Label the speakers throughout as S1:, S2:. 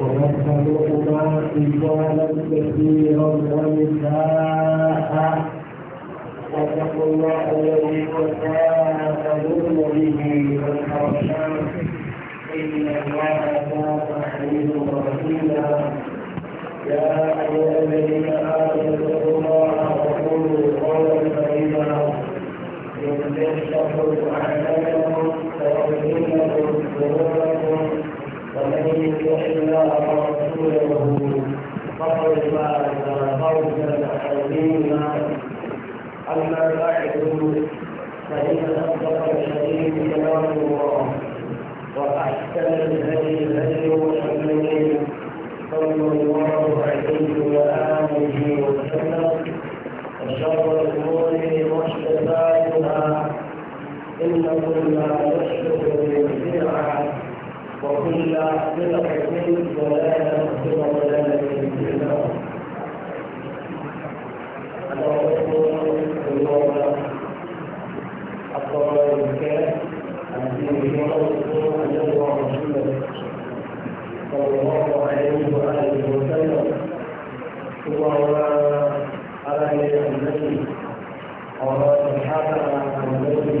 S1: ومثلهما رجالا كثيرا ونساء واتقوا الله الذي تساءلون به والارحام ان الله كان حليما رحيما يا ايها الذين امنوا اتقوا الله وقولوا قولا سليما يصلح لكم اعمالكم ويغفر لكم ذنوبكم ومن يطع الله ورسوله فقد فاز
S2: فوزا عظيما اما بعد
S1: فان اصدق الحديث كلام الله واحسن الهدي هدي صلى الله عليه واله وسلم وشر الامور محدثاتها
S2: ان كل محدث بدعه وكل
S1: بدعة ضلالة وكل ضلالة في النار الله أكبر الكافر الذي يرسل أجل محمد صلى الله عليه وآله وسلم ثم على آله النبي وعلى أصحابه النبي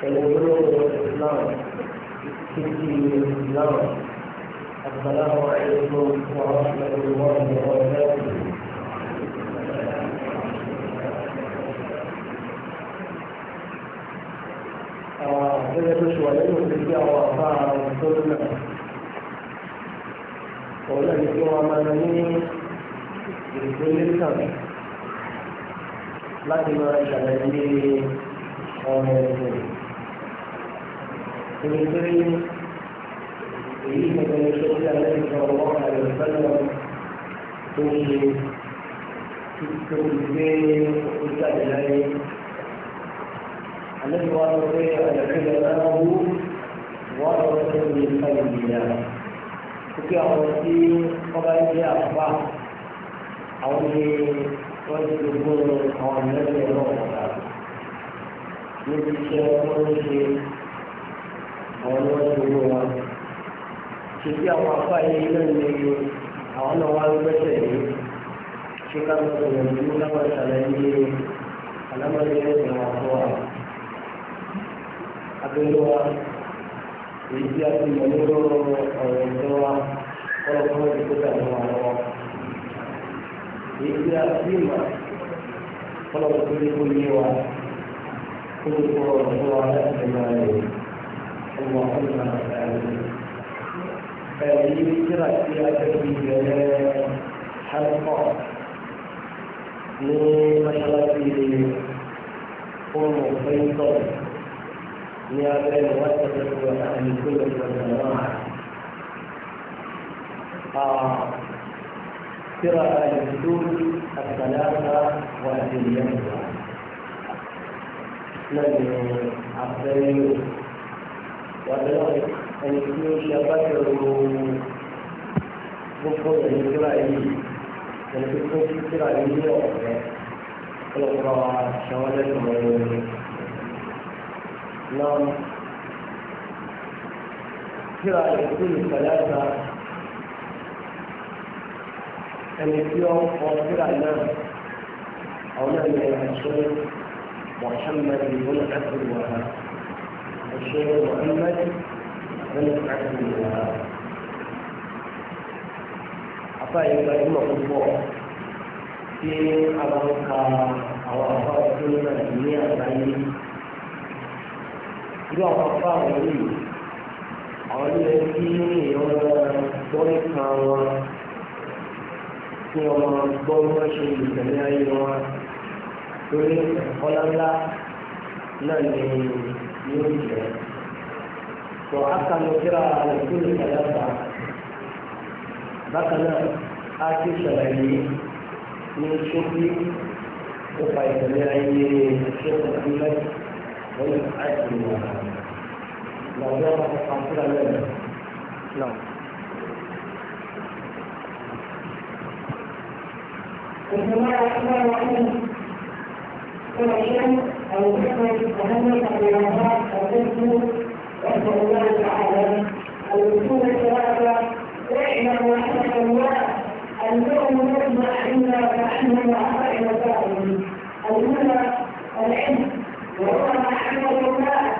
S2: فيقولون الإسلام كتير الإسلام
S1: السلام عليكم ورحمة الله وبركاته
S2: Gẹ́gẹ́ tó ṣe wà nínú ìgbésí àwọn àbá àwọn tó lọ. Òun náà ni kí wọ́n máa ní
S1: ìgbésí kan láti máa ṣàlàyé ọ̀rọ̀ ẹ̀sìn ẹni pé èyí ìgbẹ́gbẹ́ tó ń lé ẹ̀ṣọ́ wọn àlẹ́ ìfẹ́lẹ́ tó ń ṣe
S2: tó ń gbé ojú àjẹ́ láyé. Àlẹ́ ìwà sọ pé àjẹ́kẹ́lẹ́ náà wú wọ́n lọ sí ní ìfẹ́lẹ́ ìgbìyà. Ó kí àwọn tí wọ́n bá ń jẹ́ àpá
S1: àwọn ni wọ́n ti gbogbo àwọn ìrẹsì ẹ̀rọ ọ̀gá. Ní ti ṣe ọmọ ń ṣe àwọn ni wọ́n ti mú wa
S2: títí àwọn afá yìí náà ní àwọn náà wá ń gbẹ́sẹ̀ yìí ṣé ká lọ sọ̀rọ̀ ìlú láwọn ìṣàlẹ̀ yìí àlámọ́lé yẹn ti wà fún wa abẹ́lé wa èyí tí a ti mọ̀ nínú ọ̀rọ̀
S1: ìjọ wa kọ́lọ̀ kọ́lọ̀ ti kó dàbí wa lọ́wọ́ èyí tí a ti mọ̀ kọ́lọ̀ tó lé kó yé wa kó lè kó fún wa láti fi máa lè. اللهم آمين
S2: هذه ذكرت في أكثر حلقة من مشرف أم بيضاء من أبي المؤسسة وأهل السنة والجماعة قراءة الحدود الثلاثة وأدلتها نبي عبد wàbẹ̀ náà ẹni tí ó ṣe abájọ
S1: gbogbo ẹni tó rà yìí ẹni tó tó fi tó rà yìí ní ọ̀rẹ́ ọlọ́pàá wa ṣàwọn ẹlẹ́sìn ọmọ ẹni rẹ̀ náà kíra ìlú
S2: ìfẹ̀lẹ́ta ẹni tí ó ń kọ kíra náà àwọn ẹni ẹ̀ṣọ́ mọ̀ṣánmẹ́rin ló ń الشيخ محمد بن سعد بن وهاب apá ìgbà ìmọ̀ púpọ̀ tí a máa ń ka àwọn apá ọdún náà ní àgbáyé irú àwọn apá àwọn yìí àwọn ilé tí èèyàn gbọ́ nípa wọn tí wọ́n máa gbọ́ bí wọ́n ṣe ìtẹ̀lé ayé wọn lórí ẹ̀kọ́ ńláńlá náà ni yóò jẹ́. وحتى نكرا على كل ثلاثة مثلا آتي شرعي من شوفي وفايت لعيني الشيخ محمد
S1: ويسعد الله لو جرى تحصيل لنا نعم بسم الله الرحمن الرحيم كل شيء أو ذكر تهنئة بالأنهار أو نسأل الله تعالى الوصول الصلاة واعلم وحدك الله أنهم نجمع عنا فأنهم عقائد الظالمين الأولى العلم وهو معرفة الله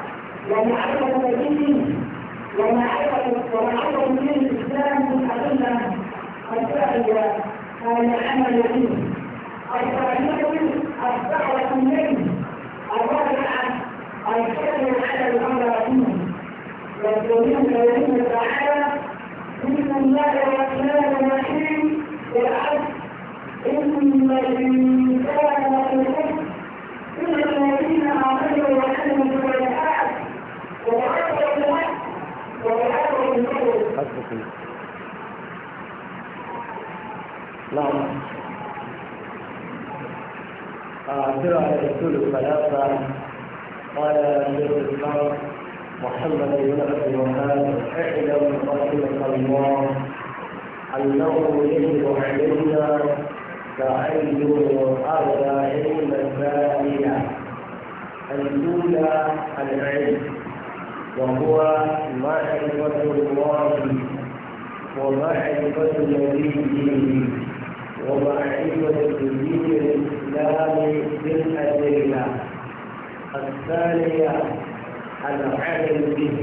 S1: ومعرفة الدين ومعرفة ومعرفة دين الإسلام بالأدلة الثانية العمل به الثانية الدعوة إليه الرابعة الشكل يستجيبون لله تعالى بسم الله الرحمن الرحيم والعبد إن الإنسان لفي خسر إلا الذين آمنوا وعملوا الصالحات وعملوا الحق وعملوا الخير اللهم
S2: أعترى على أصول الثلاثة قال شيخ الإسلام محمد بن عبد الوهاب اعلم خلق الله انه يجب علينا تعين اربعين ثانيه الاولى العلم وهو معرفه الله ومعرفه نبيه ومعرفه دين الاسلام بالادله الثانيه العالم به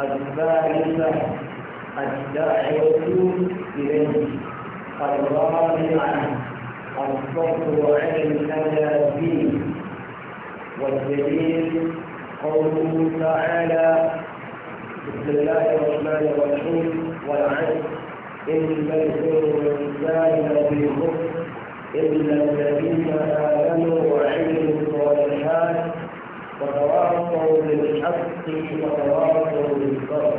S2: الثالثة الداعية إليه الرابعة الصبر عن الأنابيب والدليل قوله تعالى بسم الله الرحمن الرحيم والعزم إن الإنسان لفي خسر إلا الذين آمنوا وعملوا الصالحات وتواصوا بالحق وتواصوا بالصبر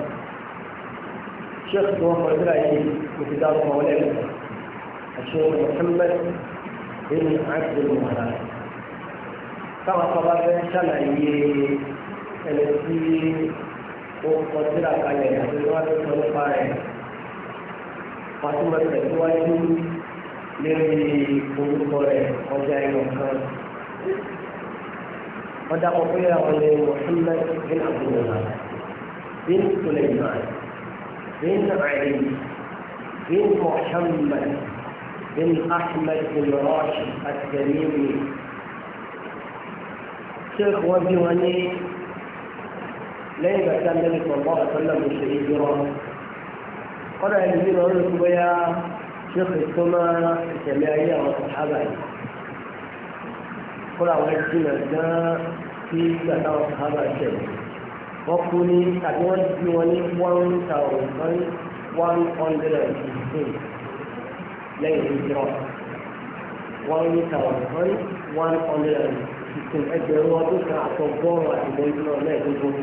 S2: شيخ محمد العيد وكتاب مولانا الشيخ محمد بن عبد المهران كما خبرنا شرعي التي وقدر عليها في الوقت الصالح فاطمة تزوج لوري قلوب ọjà ìwọ̀n kan wọ́n dákọ̀ pé àwọn ní Muhammad bin Abdullah bin Sulaiman bin Ali bin Muhammad bin Ahmed bin Rashid At-Tamimi sheikh wọn bí wọn ní lẹ́yìn ìgbà tí a lẹ́nu ṣe ìjọ wọn kọ́dà ẹni bí wọn ló ń bóyá tó máa ìṣẹ̀lẹ̀ ayé àwọn sàhábà yìí kọ́ra àwọn jìnnà gan-an sí gbàtà wọn sábà jẹ̀ wọ́n kú ní tàbí wọ́n ti wọn ní one thousand one hundred and fifteen lẹ́yìn ìjọ one thousand one hundred and fifteen ẹgbẹ̀rún ọdún kan àtọgọ́rùn-ún àti mẹ́jọ lẹ́ẹ̀dógún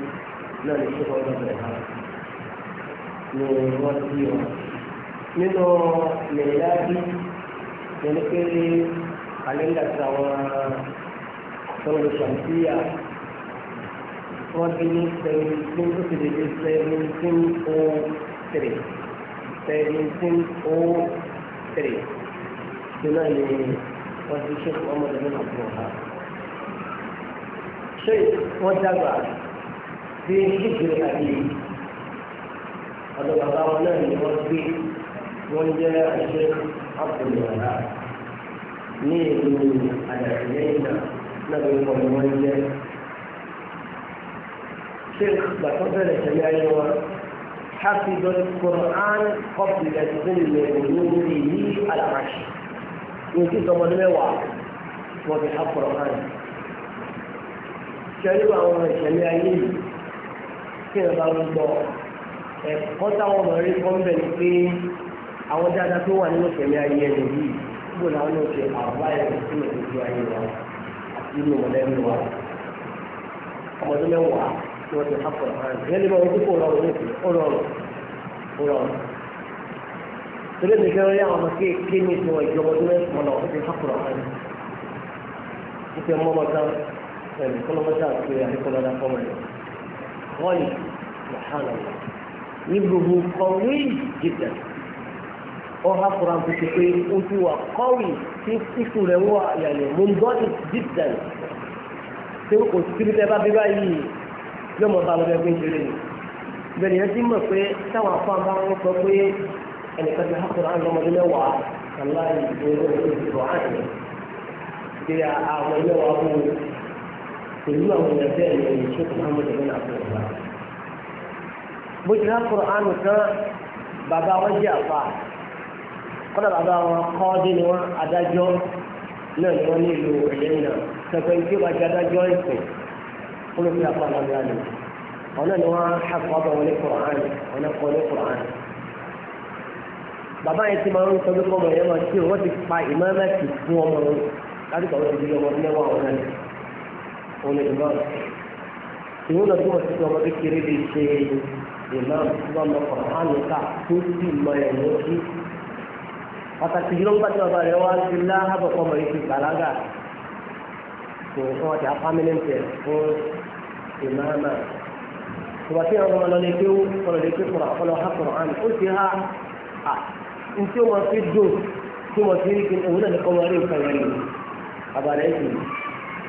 S2: náà ní ṣé wọ́n lọ́dọ̀ ẹ̀ ní wọ́n ti wọn. nínú mẹ̀lẹ́dá bí ẹni pé kàlẹ́ńdà ti àwọn sọ̀rọ̀ ṣàǹtíyà wọ́n ti ní seventeen ó ti lè dé seventeen o three seventeen o three tó náà ní wọ́n ti ṣe fún ọmọdé náà fún ọ̀ha. ṣé wọ́n dàgbà bí ṣíṣe àbí ọ̀dọ̀ bàbá wọn náà ni wọ́n gbé wọ́n jẹ́ àṣẹ àpòlọ̀ ọ̀la ní ìlú àdàtìlẹ́yìn náà lọ́dún ìkọ̀ ni wọ́n jẹ́ sheikh bàtọ́ bẹ̀rẹ̀ tẹ̀lé ayé wọn حفظ القرآن قبل ظل غروره على العرش يمكن تمر ميوا وبحفظ القرآن ṣẹlẹ̀ àwọn ọmọ ìṣẹ̀lẹ̀ ayé yìí kí ẹ bá ń gbọ́ ẹ̀kọ́ táwọn ọmọ rí kọ́ ń bẹ̀ ni pé àwọn dáadáa tó wà nínú ìṣẹ̀lẹ̀ ayé ẹni yìí gbọ́dọ̀ àwọn ọmọ ìṣẹ̀lẹ̀ àwọn báyìí ẹni tó ń lò ayé wa nínú mọ̀lẹ́bí wa ọmọdé mẹ́wàá tí wọ́n ti hapọ̀ hàn ìyẹn ní bá wọn kókó rọrùn ní ìpínlẹ̀ ó rọrùn ó rọrùn torí mi kẹ́rọ yá ọmọ kéèké ní ìsinmi ìjọba ọdún mẹ́sàn-án wọ́n ti hapọ̀ hàn ní ìfẹ́ mọ́mọ́ kan ẹ̀mí kọ́lọ́mọ́sá àti àdékọ́lọ́dá fọ́mọ́ rẹ̀ wọ́n yìí ọha fura nkùtù pé ó kọwị, wà kọ́wì tí ikú rẹ̀ wà yàrá mo ń gbọ́ ìdíjàn tí ó kò síbi tẹ́ bá bí báyìí yóò mọ̀ bá lọ́dọ̀ ẹgbẹ́ ìjọba ni bẹ́ẹ̀ ni ẹ ti mọ̀ pé kọ́dà bàbá wọn kọ́ọ́dé ni wọ́n adájọ́ náà ni wọ́n nílò ẹ̀yẹ́ náà pẹ̀pẹ́ tí ó bá jẹ́ adájọ́ ẹ̀sìn ó ló fi àpá àlàbíà lò wọn náà ni wọ́n hàkọ́ ọba wọn ní kùrán wọn náà kọ́ ní kùrán. bàbá yẹn ti máa ń sọ pé kọ́mọ yẹn máa tí wọ́n ti pa ìmọ̀ọ́mẹ́sì fún ọmọ wọn láti kọ̀wé ìdílé ọmọ mẹ́wàá wọn náà wọn ni ti sọ ọmọ kékeré bíi ṣe ìmọ̀ọ́mù tí wọ́n lọ pàtàkì yìí ló ń gbàdúrà bàbá rẹ wá sí láhàbọ̀ fọmọ yìí ti bàlágà tó fún ọjà pámẹ́lẹ́ǹtì ẹ̀ fún ìmáàmà tòbá tí àwọn ọmọ lọlé pé ó kọlọ lè pé kọlọ kọlọ ha kọlọ hàn ó ti ha à n wọn fi dùn tí wọn fi rí òun náà ní kọmọ rí nǹkan yẹn lò bàbá rẹ sì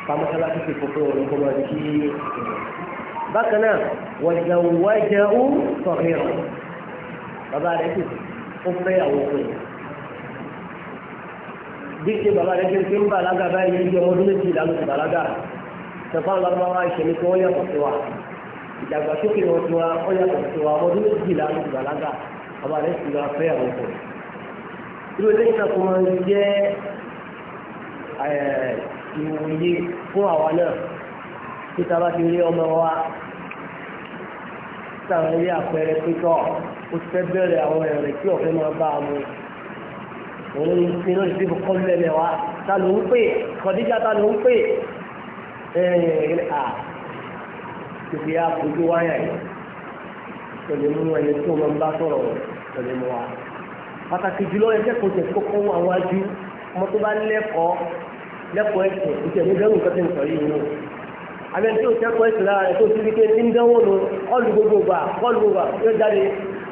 S2: pàmọ́sálá ti fi fòfin òun kọmọ rí kí bákan náà wàjà wàjà ó sọ̀rọ̀ bàbá rẹ sì ó fẹ́ àwọn òkè bí ṣe bàbá rẹ̀ ṣe ń bàlágà báyìí ní ọmọ ọdún méjì ìlànà ti bàlágà ṣẹ̀fọ́n lọ́wọ́ ìṣẹ̀lẹ̀ tí wọ́n yàtọ̀ sí wa ìdàgbàsókè wọn ti wa wọ́n yàtọ̀ sí wa ọmọ ọdún méjì ìlànà ti bàlágà bàbá rẹ̀ sì lọ fẹ́ àwọn ọkọ̀. irú eléyìí náà kò máa ń jẹ́ ìwòye fún àwa náà tí bá ti rí ọmọ wa sáwọn àpẹẹrẹ pé ó ti fẹ́ bẹ̀rẹ̀ àwọn ẹ̀rẹ̀ tí ọ̀fẹ́ máa bá a mú òun ní ṣe ló ṣe kọ́ lẹ́lẹ̀ wa ta ló ń pè kọ́díjà ta ló ń pè ẹ̀ẹ́n à tètè yá fojú wáyà yìí tó lè mú ẹni tó máa ń bá sọ̀rọ̀ tó lè mú wa. pàtàkì jùlọ ẹgbẹ́ kò tẹ̀ kókó àwọn ajú ọmọ tó bá lẹ́kọ̀ọ́ lẹ́kọ̀ọ́ ẹ̀sìn ìtẹ̀lé bẹ́ẹ̀ nǹkan tó ń sọ yìí nù àbẹ tí o kẹ́kọ̀ọ́ gbogbo gbà kọ́ọ̀lù gbogbo gbà yóò jáde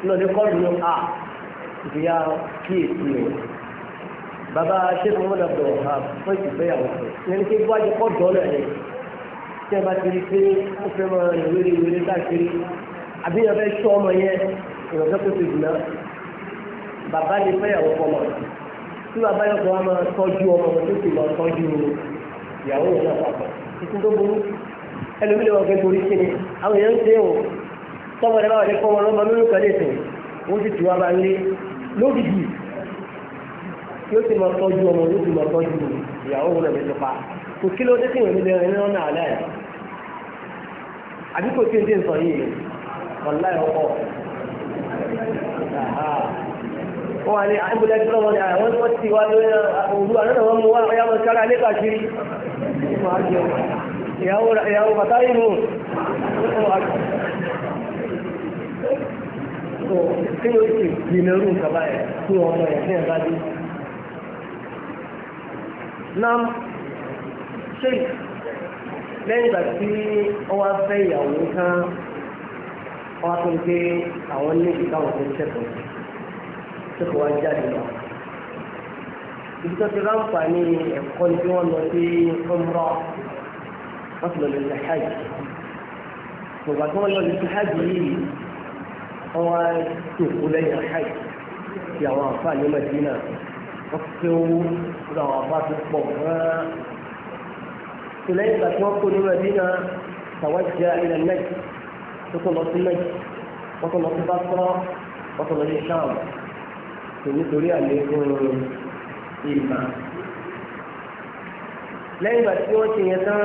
S2: lọ́dẹ kọ́ọ̀lù ló à ìdíyà kíyèsí bàbá sẹ́kùn mọ́nà bẹ̀rẹ̀ ha fún ìgbéyàwó fún ìyẹn kí bó ajẹ́ kọ́ dọ́ọ̀lẹ̀ ni tí a bá ti rí pé ó fẹ́ mọ ìwéré ìwéré káàkiri àbí ìyẹn fẹ́ sọ ọmọ yẹn ìrọ̀lẹ́ kó ti dùnà bàbá ni fẹ́yàwó fún ọmọ tí bàbá yẹn kọ́ wa máa tọ́jú ọmọ tó sì lọ tọ́jú ìyàwó yẹn náà papọ̀ tuntun tó burú ẹlòmí lè wọ́n fẹ́ torí kí ni àwọn èèyàn ń ṣe o tọ́mọdé báwọn lè kọ́ wọn lọ́mọ lórí kan yóò ti máa tọ́jú ọmọ yóò ti máa tọ́jú ìyàwó òun ẹ̀mí nípa kò kí ló dé sí ìwé nílẹ̀ ẹni lọ́nà àlẹ́ ẹ̀ àbí kò tí ń dé nǹkan yìí ọ̀la ẹ̀ ọkọ̀ wọ́n wà ní àìbùdá tí wọ́n ní àwọn tó ti wá lórí òru àná wọn mú wá ọyá wọn kára lé kàkiri ìyàwó bàtà ìmú kí ló ti gbìnà rú nǹkan báyẹn fún ọmọ ẹ̀ fún ẹ̀ bá dé náà ṣe lẹ́yìn ìgbà tí ó wá fẹ́ ìyàwó kan wọ́n á tún gbé àwọn níbi káwọn tó ń ṣẹ̀kọ̀ọ́ wá jáde lọ. ibi tó ti ráǹfà ní ẹ̀kọ́ ni bí wọ́n lọ sí ọmọ wọ́n ti lọ lè ṣe hajj. ìgbà tí wọ́n lọ lè ṣe hajj yìí wọ́n wá tòkó lẹ́yìn hajj ti àwọn àǹfààní Mẹ́dínà wọ́n pé owó lọ àwọn àbá ti pọ̀ gan-an. tòlẹ́ ìgbà tí wọ́n kó ní mẹ́dínà tàwájà ilẹ̀ mẹ́t tó tó lọ sí mẹ́t wọ́n tó lọ sí bàtọ́ wọ́n tó lọ sí sáàmù tó nítorí àlékún ìmà. lẹ́yìn ìgbà tí wọ́n ti yẹn tán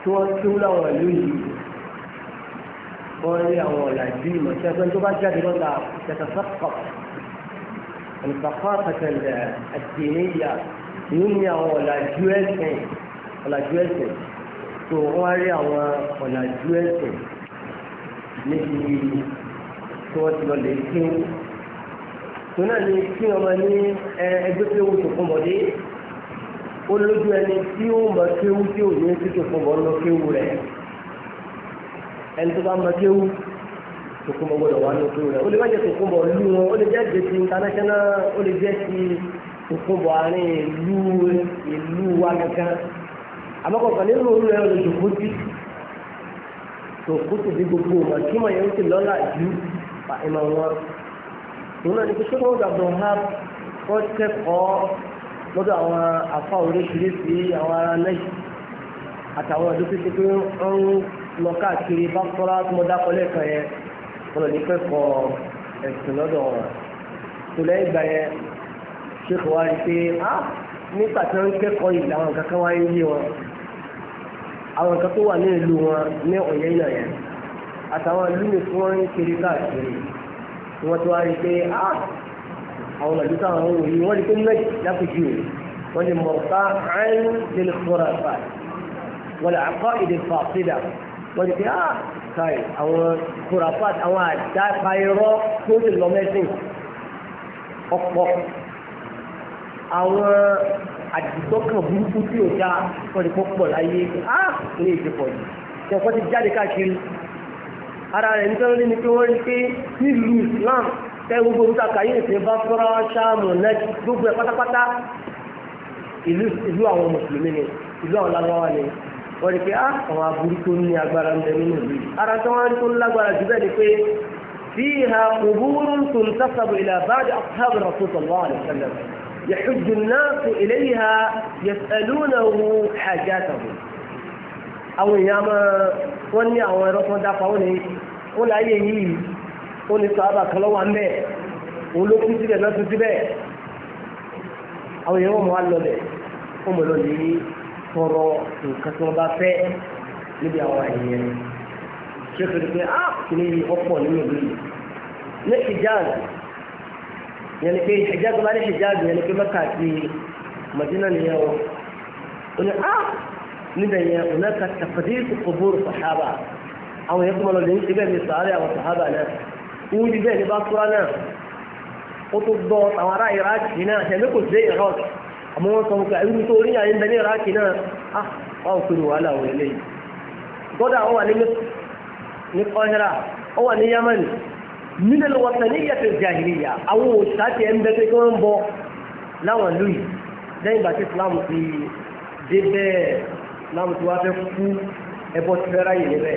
S2: tí wọ́n tí láwọn ìlú yìí wọ́n rí àwọn ọ̀làjú ìmọ̀ tí tó bá jáde lọ́ta tẹ̀sán sọ́kọ̀ọ̀. الثقافة الدينية يمنع ولا جوالسين ولا جوالسين تغاري ولا جوالسين níbi tí wọ́n ti lọ lè kí wọn. Tòun náà ni kí ọmọ ní ẹgbẹ́ pé wọ́n tó fún ọmọdé. Ó lójú ẹni tí ó mọ kéwú tí ò ní títò fún ọmọ lọ kéwú rẹ̀. Ẹni tó bá mọ kéwú tòkúnbọ̀ gbọ́dọ̀ wà ní òkúrò rẹ̀ o lè má jẹ́ tòkúnbọ̀ ìlú wọn ó lè jẹ́ gbèsè international ó lè jẹ́ ti tòkúnbọ̀ àárín ìlú ìlú wa kankan àbọ̀kọ̀kan nínú òru rẹ̀ lè dòkó tí tòkó tó di gbogbo ọmọ kí mọ̀ yẹn ó ti lọ́la ju ìmọ̀ wọn òun náà ni pé sọ́kọ́ gbàgbọ́ ha wọ́n kẹ́kọ̀ọ́ lọ́dọ̀ àwọn afá oríṣiríṣi àwọn ará lẹ́yìn àtàwọn ọ̀dọ́ tó ti pé ń lọ káàkiri bá kọ́ra tó mọ dákọ́ lẹ́ẹ̀kan yẹn wọn lọ ní kẹ́kọ̀ọ́ ẹ̀sìn lọ́dọ̀ wọn tó lẹ́yìn ìgbà yẹn ṣéèkì wá rí pé á nígbà tí wọ́n ń kẹ́kọ̀ọ́ yìí làwọn nǹkan kan wá ń yé wọn àwọn nǹkan tó wà ní ìlú wọn ní ọ̀yẹ́ ìlà yẹn àtàwọn ìlú mi tí wọ́n ń kiri káàkiri tí wọ́n ti wá rí pé á àwọn ìlú táwọn ń wòye wọ́n rí pé mẹ́jì lápèjì o wọ́n lè mọ̀ ká àárín lè lè kọ́ra fà wọ́n lè àkọ́ ìdè fà sídà wọ́n rí pé á káì àwọn kurapat àwọn àdápa irọ́ tó ti lọ mẹ́sìn ọ̀pọ̀ àwọn àdìsọ́kàn burúkú tí ò dá wọ́n ti pọ̀ pọ̀ láyé á ní èdè pọ̀ yìí tí ọ̀pọ̀ ti jáde káàkiri ara rẹ̀ nítorí lórí ni pé wọ́n rí pé nílùú Islam tẹ́ gbogbo orúkọ kàyé ìpè bá fọ́ra ṣáàmù náà gbogbo ẹ̀ pátápátá ìlú àwọn mùsùlùmí ni ìlú àwọn lágbáwá ni wọ́n rí pé á ah, àwọn aburú tó ní agbára ń bẹ nínú ìlú yìí ara tí wọ́n rí tó lágbára jù bẹ́ẹ̀ ni pé فيها قبور تنتسب إلى بعض أصحاب الرسول صلى الله عليه وسلم يحج wọ́n ní àwọn ẹ̀rọ náà tún síbẹ̀ àwọn èèyàn wọn tọrọ nǹkan tí wọ́n bá fẹ́ níbi àwọn ènìyàn rẹ̀ ṣé o fẹ́ pé á ah, kìíní ọ̀pọ̀ nínú ìlú yìí ní hijaz yẹn ni pé hijaz máa ní hijaz yẹn ni pé mẹ́ka àti madina nìyẹn o ó ní á ah, níbẹ̀ yẹn ò náà ka tàfàdé kòkòrò sàhábà àwọn yẹn kúmọ̀ lọ lè ń ṣe bẹ́ẹ̀ ní sàárẹ̀ àwọn sàhábà náà wọ́n ti bẹ́ẹ̀ ní bá kúrá náà ó tó gbọ́ àwọn ará iraq àmọ́ wọ́n sọ pé irú tó orí yàn ń bẹ ní ìrákì náà á ah, wọ́n pè ní wàhálà òun eléyìí gbọ́dọ̀ àwọn wà ní kọ́hẹ́rà ó wà ní yamani nílẹ̀ wọ́sàn ní ìyàtọ̀ jàhìlìyà àwọn òṣìṣà ẹ̀ ń bẹ pé kí wọ́n ń bọ láwọn ìlú yìí lẹ́yìn ìgbà tí Islam ti dé bẹ́ẹ̀ Islam ti wá fẹ́ kú ẹbọ ti fẹ́ ráyè níbẹ̀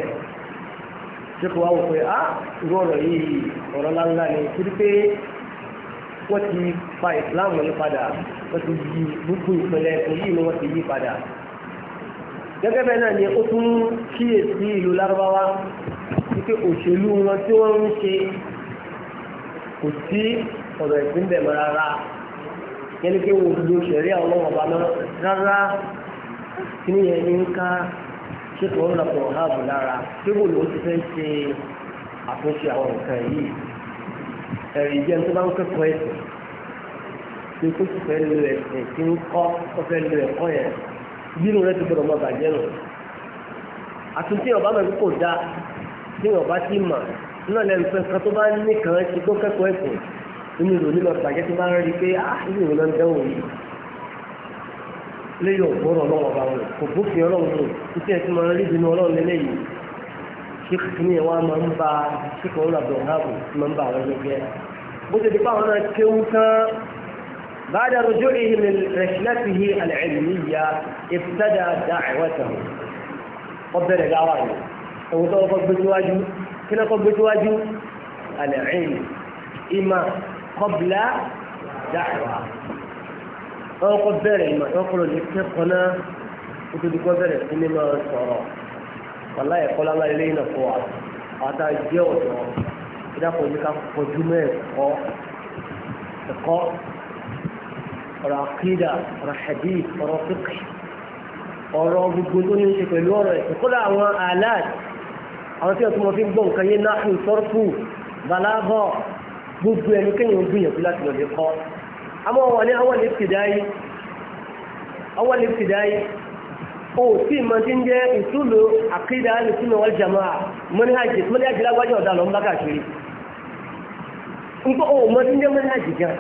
S2: ṣé kò wá wò pé ah, wọ́n ti fa ìsìláàmù yìí padà wọ́n ti yí gbogbo ìpínlẹ̀ ẹ̀kọ́ ni wọ́n ti yí padà. gẹ́gẹ́ bẹ́ẹ̀ náà ni ó tún kíyèsí ìlú lárúbáwá wípé òṣèlú wọn tí wọ́n ń ṣe kò sí ọ̀rọ̀ ẹ̀sìn bẹ̀ mọ́ rárá yẹni pé wo lo ṣẹ̀rí àwọn ọmọ ọba náà rárá kí ni yẹn ní ń ká ṣètò ọ̀rọ̀ ọ̀hún lára pé wo ló ti fẹ́ ṣe àtúnṣe àwọn nǹkan yìí ẹ̀rì jẹ́ tó bá ń kẹ́kọ̀ọ́ ẹ̀sìn tí kò sì fẹ́ lo ẹ̀sìn tí ń kọ́ ó fẹ́ lo ẹ̀kọ́ yẹn bínú rẹ ti gbọdọ̀ mọ bàjẹ́ nù àtúntí ọba mẹ́rin kò dáa tí ọba ti mà náà lẹ́nu fẹ́ kan tó bá ní kan ti kó kẹ́kọ̀ọ́ ẹ̀sìn inú ìlú nílọ bàjẹ́ tó bá ń rí pé ah inú ìlú náà ń dẹ́wọ̀ yìí lẹ́yìn ọ̀gbọ́n ọlọ́run lò títí ẹ̀ tí mo rí ba ṣé kò ń rà bọ̀ ọ̀háàbò ba àwọn ẹgbẹ́ bó ti di بعد رجوعه من رحلته العلمية ابتدى دعوته قبل أو توقف بتواجه كنا قبل بتواجه العلم إما قبل دعوة أو قبل إما أقول يقول لكتنا وتدقبل إنما صار والله يقول الله إلينا فوعد أتاجيوته ìdápọ̀ ní ká pọ̀jú mẹ́ ẹ̀kọ́ ẹ̀kọ́ ọ̀rọ̀ àkídà ọ̀rọ̀ ṣẹ̀dí ọ̀rọ̀ fíkì ọ̀rọ̀ gbogbo tó ní ṣe pẹ̀lú ọ̀rọ̀ ẹ̀kọ́ kódà àwọn aláàd àwọn tí ọ̀tún mọ̀ fi ń gbọ́ nǹkan yé náà sọ́rọ̀fù balábọ̀ gbogbo ẹni kéèyàn gbìyànjú láti lọ lè kọ́ àmọ́ wọn ní àwọn lè fìdáyé àwọn lè fìdáyé òtí ìmọ̀tín jẹ́ ìtúlò àkídà alùsùnà wal jamaa mọ́níhàjì lágbájá ọ̀dà lọ́nbákàkiri nípa ọmọ tí ń jẹ́ mẹ́nàjì gan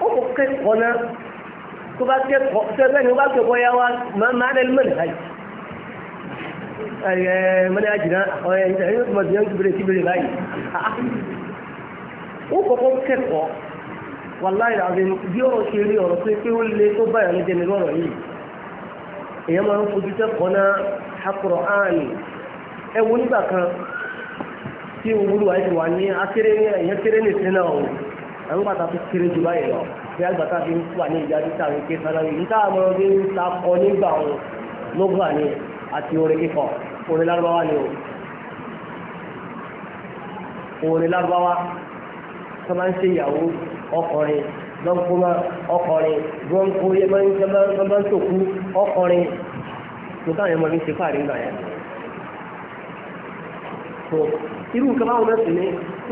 S2: ó kò kẹ́kọ̀ọ́ bá kẹ́kọ̀ọ́ tó ẹgbẹ́ ni ó bá kẹ́kọ̀ọ́ yá wa máa máa rẹ̀ mẹ́nàjì ẹ̀ mẹ́nàjì náà ọ̀rẹ́ ìṣẹ̀ yóò tó máa bìyànjú jùbẹ̀rẹ̀ sí bẹ̀rẹ̀ báyìí ó kọ̀kọ́ kẹ́kọ̀ọ́ wàláì àbí bí ọ̀rọ̀ ṣe rí ọ̀rọ̀ pé pé ó lé tó báyà ló jẹni lọ́rọ̀ fojú kẹ́kọ̀ọ́ náà akọ̀rọ̀ áàní ẹ wo kan tí olúwa yìí wà ní akéré ẹ̀yẹ kéré ní ìsinmi ọ̀hún àwọn bàtà tó kéré jù báyìí lọ bí agbàtà fi ń wà ní ìdájú tá à ń ké sára yìí níta àwọn ọmọdé ń ta kọ nígbà wọn lọ́gbà ni àti orin kíkọ orin lárúbáwá ni o orin lárúbáwá tó máa ń ṣe ìyàwó ọkùnrin lọ́nkúnmọ́ ọkùnrin gbọ́nkú yẹn máa ń sòkú ọkùnrin tó táwọn ẹ̀mọ́ mi ṣe fáàrí gbà yẹn tó irú nǹkan báwọn náà sì ní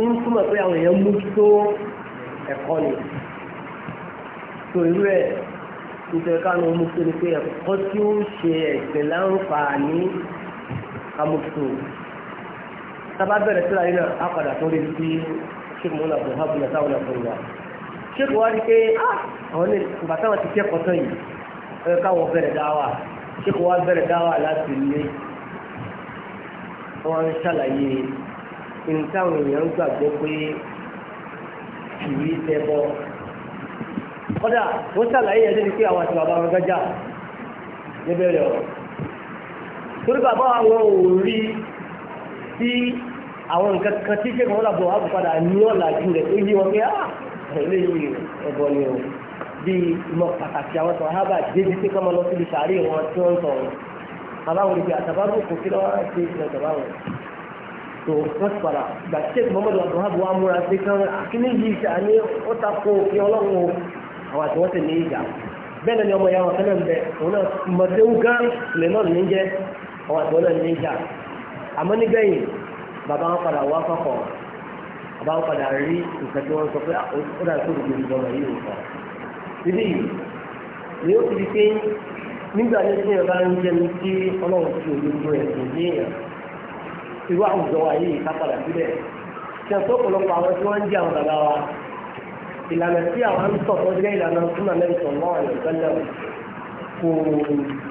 S2: ń túmọ̀ pé àwọn èèyàn mú tó ẹ̀kọ́ ni tó irú ẹ̀ nítorí káwọn ọmọ tó ni pé ẹ̀kọ́ tí ó ń ṣe ẹ̀sìn láǹfààní amòtò tábà bẹ̀rẹ̀ síra yìí náà á padà tó rí sí ṣé mo ń lọ bọ̀ táwọn náà fún ṣé kò wá rí pé ah, àwọn ní bàtà wọn ti kẹ́kọ̀ọ́ tán yìí ẹ̀ka wọn bẹ̀rẹ̀ dáwà ṣé kò wá bẹ̀rẹ̀ dáwà láti ilé wọ́n ń ṣàlàyé nǹkan èèyàn gbàgbọ́ pé kì í tẹ́bọ. kódà wọ́n ṣàlàyé yẹn débi pé àwọn àti bàbá wọn gájà níbẹ̀rẹ̀ ọ̀rọ̀. torí bàbá àwọn ò rí sí àwọn nǹkan kan tí ṣé wọn làbọ̀ padà ní ọ̀làjú rẹ̀ tó yí wọn pé á ah, eléyìí ẹ̀bọ ni o bí ìmọ̀ pàtàkì àwọn pé kọ́mọ lọ síbi sàárè wọn tí aláwọ̀ níbi àtàbárò kò kí lọ́wọ́ ṣe ìṣẹ̀lẹ̀ àtàbárò tó wọ́n ti padà gbà tí ṣèkì mọ́mọ́dù abdulhab wa múra sí kan akíní yìí ṣe àní ó ta ko òfin ọlọ́run àwọn àti wọ́n ti ní ìjà bẹ́ẹ̀ ni ọmọ ìyá wọn fẹ́lẹ̀ ń bẹ òun náà mọ̀tẹ́wù gán lè náà ní jẹ́ àwọn àti wọ́n náà ní ìjà àmọ́ di pé nígbà yẹn tí ìyọba ń jẹun tí ọlọ́run fi òdodo ẹ̀ kò ní èèyàn irú àwùjọ wa yìí ká padà síbẹ̀ tí a tó ọ̀pọ̀lọpọ̀ àwọn tí wọ́n ń jẹ́ àwọn bàbá wa ìlànà tí àwọn ń tọ̀ tó jẹ́ ìlànà súnmọ́ mẹ́tọ̀ náà ní ìgbẹ́lẹ̀ kò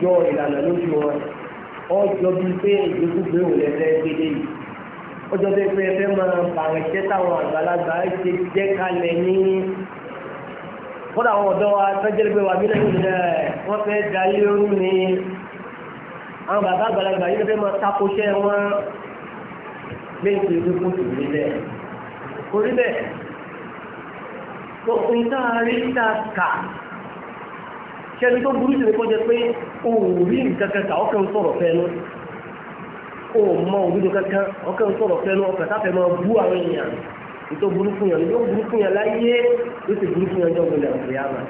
S2: jọ ìlànà lójú wọn ọjọ́ bíi pé ìgbésùgbé òun lẹ́fẹ́ gbélé yìí ọjọ́ bíi pé ẹfẹ́ máa bàrẹ̀ jẹ́ táwọn àgbàlagbà ṣe jẹ́ kalẹ̀ ní kódà àwọn ọ̀dọ́ wa tọ́jú wa bí lẹ́yìn náà wọ́n fẹ́ dalé orú ni àwọn bàbá àgbàlagbà yìí ló fẹ́ máa takoṣẹ́ wọn lẹ́yìn tó yẹ kó tòun níbẹ̀ orí bẹ́ẹ̀ tó ń tá a rí tá a kà ṣẹ́ni tó burú jù ní kó jẹ pé o ò rí nǹkan kan kà ọkàn sọ̀rọ̀ fẹ́nu o ò mọ òwúdò kankan ọkàn sọ̀rọ̀ fẹ́nu ọkàn sáfẹ́ máa bú àwọn èèyàn ètò burúkú yàn yóò burúkú yàn láyé yóò sì burúkú yàn jọ́ gbọ́dọ̀ àgbéyàwó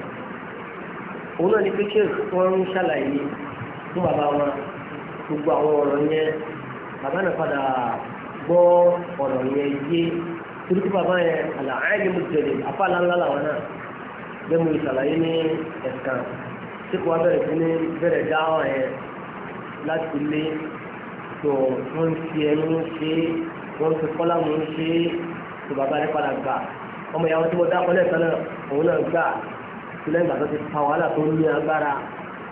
S2: òun náà ní pé ṣé wọ́n ń ṣàlàyé fún bàbá wọn gbogbo àwọn ọ̀rọ̀ yẹn bàbá náà padà gbọ́ ọ̀rọ̀ yẹn yé torí pé bàbá yẹn àlà àìlè mo jẹ̀lẹ̀ àfàlà ńlá làwọn náà bẹ́ẹ̀ mo ṣàlàyé ní ẹ̀sán tí kò wá bẹ̀rẹ̀ sí ní bẹ̀rẹ̀ dáhùn yẹn láti lé tó wọ́n fi ẹnu ṣe wọ́n fi kọ́lá mu ṣe tó bàbá yẹn padà gbà ọmọ ìyàwó tí mo dá kọ́lẹ̀ sílẹ̀ ìgbà tó ti fa wàhálà tó ní agbára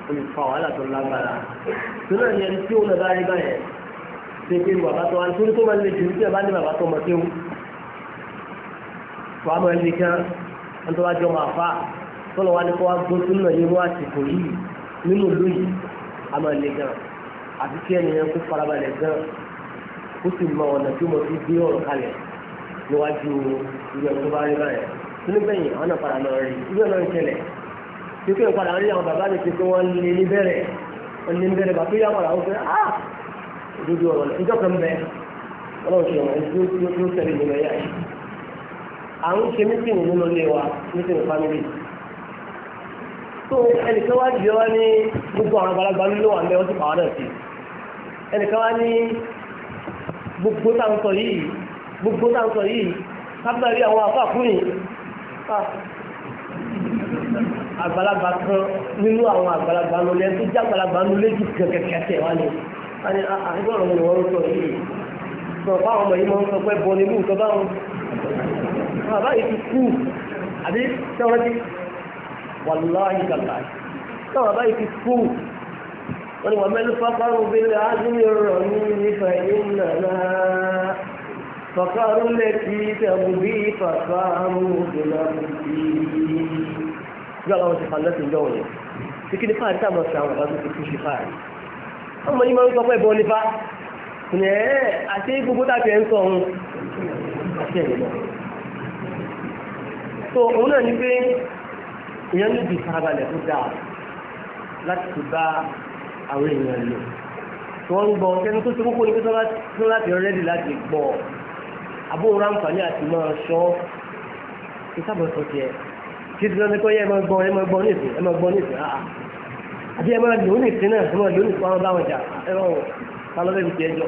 S2: tó ti fa wàhálà tó lágbára sílẹ̀ yẹn tí ó lọ́ba rí báyẹn ṣe pé bàbá tó wá nítorí tó máa lè jù ní tí ẹ bá ní bàbá tó mọ̀ kéwù tó a máa lè kán ẹni tó bá jọ máa fa tó lọ wá ní kó wá gbó tó nà yẹn wá àsìkò yìí nínú ìlú yìí a máa lè àti kí ẹni yẹn kó farabalẹ̀ gan kó sì mọ ọ̀nà tí mo fi gbé ọ̀rọ̀ kalẹ̀ níwájú ìgbẹ́ tó bá rí báyẹn nígbẹ̀yìn àwọn náà padà lọ rí ibi ọ̀nà ìṣẹ̀lẹ̀ tí kò padà rí àwọn bàbá mi ti pé wọ́n lé ní bẹ̀rẹ̀ wọ́n lé ní bẹ̀rẹ̀ bàbá yà padà wọ́n fẹ́ á ah! dúdú ọ̀rọ̀ níjọ́ kan bẹ ọlọ́run ṣe wọ́n tí ó tí ó tẹ̀lé nínú ẹ̀yà yìí. à ń ṣe mítìnì nínú ilé wa mítìnì fámìlì. tó ẹnìkan wá jẹ́ wá ní gbogbo àwọn àgbàlagbà ló wà mẹ́ wọ́n ti pàwọ́ náà sí. ẹnìkan wá ní gbogbo táwọn sọ yìí gbogbo táwọn sọ yìí ká àfà àgbàlagbà kan nínú àwọn àgbàlagbà lọ lẹ́yìn tó jẹ́ àgbàlagbà lọ lẹ́jì kẹ̀kẹ́kẹ́ wà ní àní àìgbọ́ ọ̀rọ̀ ni wọ́n sọ yìí sọ̀rọ̀ fáwọn ọmọ yìí máa ń sọ pé bọ́ nínú nǹkan báwọn bàbá yìí ti kú àbí sẹ́wọ́n ti wàláhì kàlá sẹ́wọ́n bàbá yìí ti kú wọ́n ni wọ́n mẹ́lú fáfáwọn obìnrin àádúrà rọ̀ ní ìfẹ́ ìnáná فقالوا التي تبغي فقاموا بنفسي قال الله سبحانه الدولة لكن فاعل تام السلام عليكم في كل فاعل أما إما يقول أبو نفا ne àti gbogbo tàbí ẹ̀ ń sọ ohun àti ẹ̀yẹ̀ lọ
S1: so òun náà ni pé
S2: èèyàn níbi ìfarabalẹ̀ tó dáa láti ti bá àwọn èèyàn lò tí wọ́n ń gbọ́ ẹni tó ṣe kókó ní pé tó láti rẹ́dì láti gbọ́ àbúrò ráǹfààní àti máa ṣọ́ ìsábọ̀sọ̀ tiẹ̀ kí ti lọ́nà kọ́ yẹ ẹ máa gbọ́ ẹ máa gbọ́ nìsín ẹ máa gbọ́ nìsín àá àti ẹ máa lò ó nìsín náà ẹ máa lò ó nìsín wọn báwọn jà ẹ máa wọ̀ ta lọ́dọ̀ ibi tiẹ̀ jọ.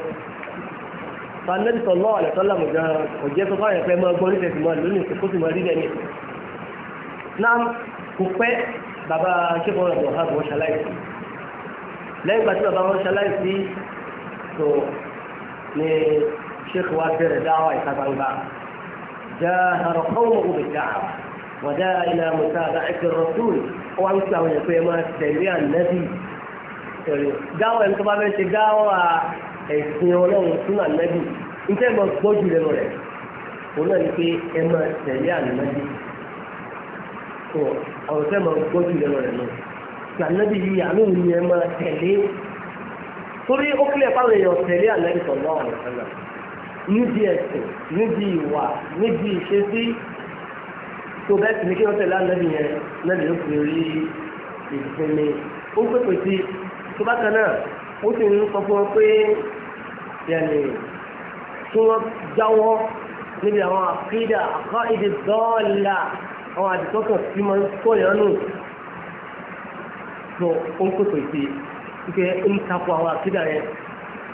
S2: fanẹ́lì sọ lọ́wọ́ àlẹ́ tọ́lá mọ̀já ọ̀jẹ́ sọ fáwọn ẹ̀fẹ́ máa gbọ́ nìsín sì máa lò kó sì máa rí bẹ́ẹ̀ náà kò pẹ́ bàbá akẹ́kọ̀ọ́ الشيخ وابر دعوة يتبعونها جاهر قومه بالدعوة ودا إلى متابعة الرسول وأنسى من يقيم التنبيه النبي دعوة انتباه من تدعوة السنونة وسنة النبي انت ما تبوجه لنوره ولا لكي إما التنبيه النبي أو تما تبوجه لنوره النبي يعمل يعني إما التنبيه torí ó kílẹ̀ fáwọn èèyàn tẹ̀lé àlẹ́ ìsọ̀lọ́ àwọn ìsọ̀lọ́ níbi ẹ̀sìn níbi ìwà níbi ìṣesí tó bẹ́ẹ̀ sì ní kí wọ́n tẹ̀lé ànábì yẹn náà lè fi rí ìsinmi ó pèpè sí tó bá kan náà ó sì ń sọ fún wọn pé yẹnì kí wọ́n jáwọ́ níbi àwọn àkídà àkọ́ ìdí dọ́ọ̀là àwọn àdìsọ́kàn tí máa ń sọ yẹn nù tó ó ń pèpè sí ike ń takò àwọn àkídà yẹn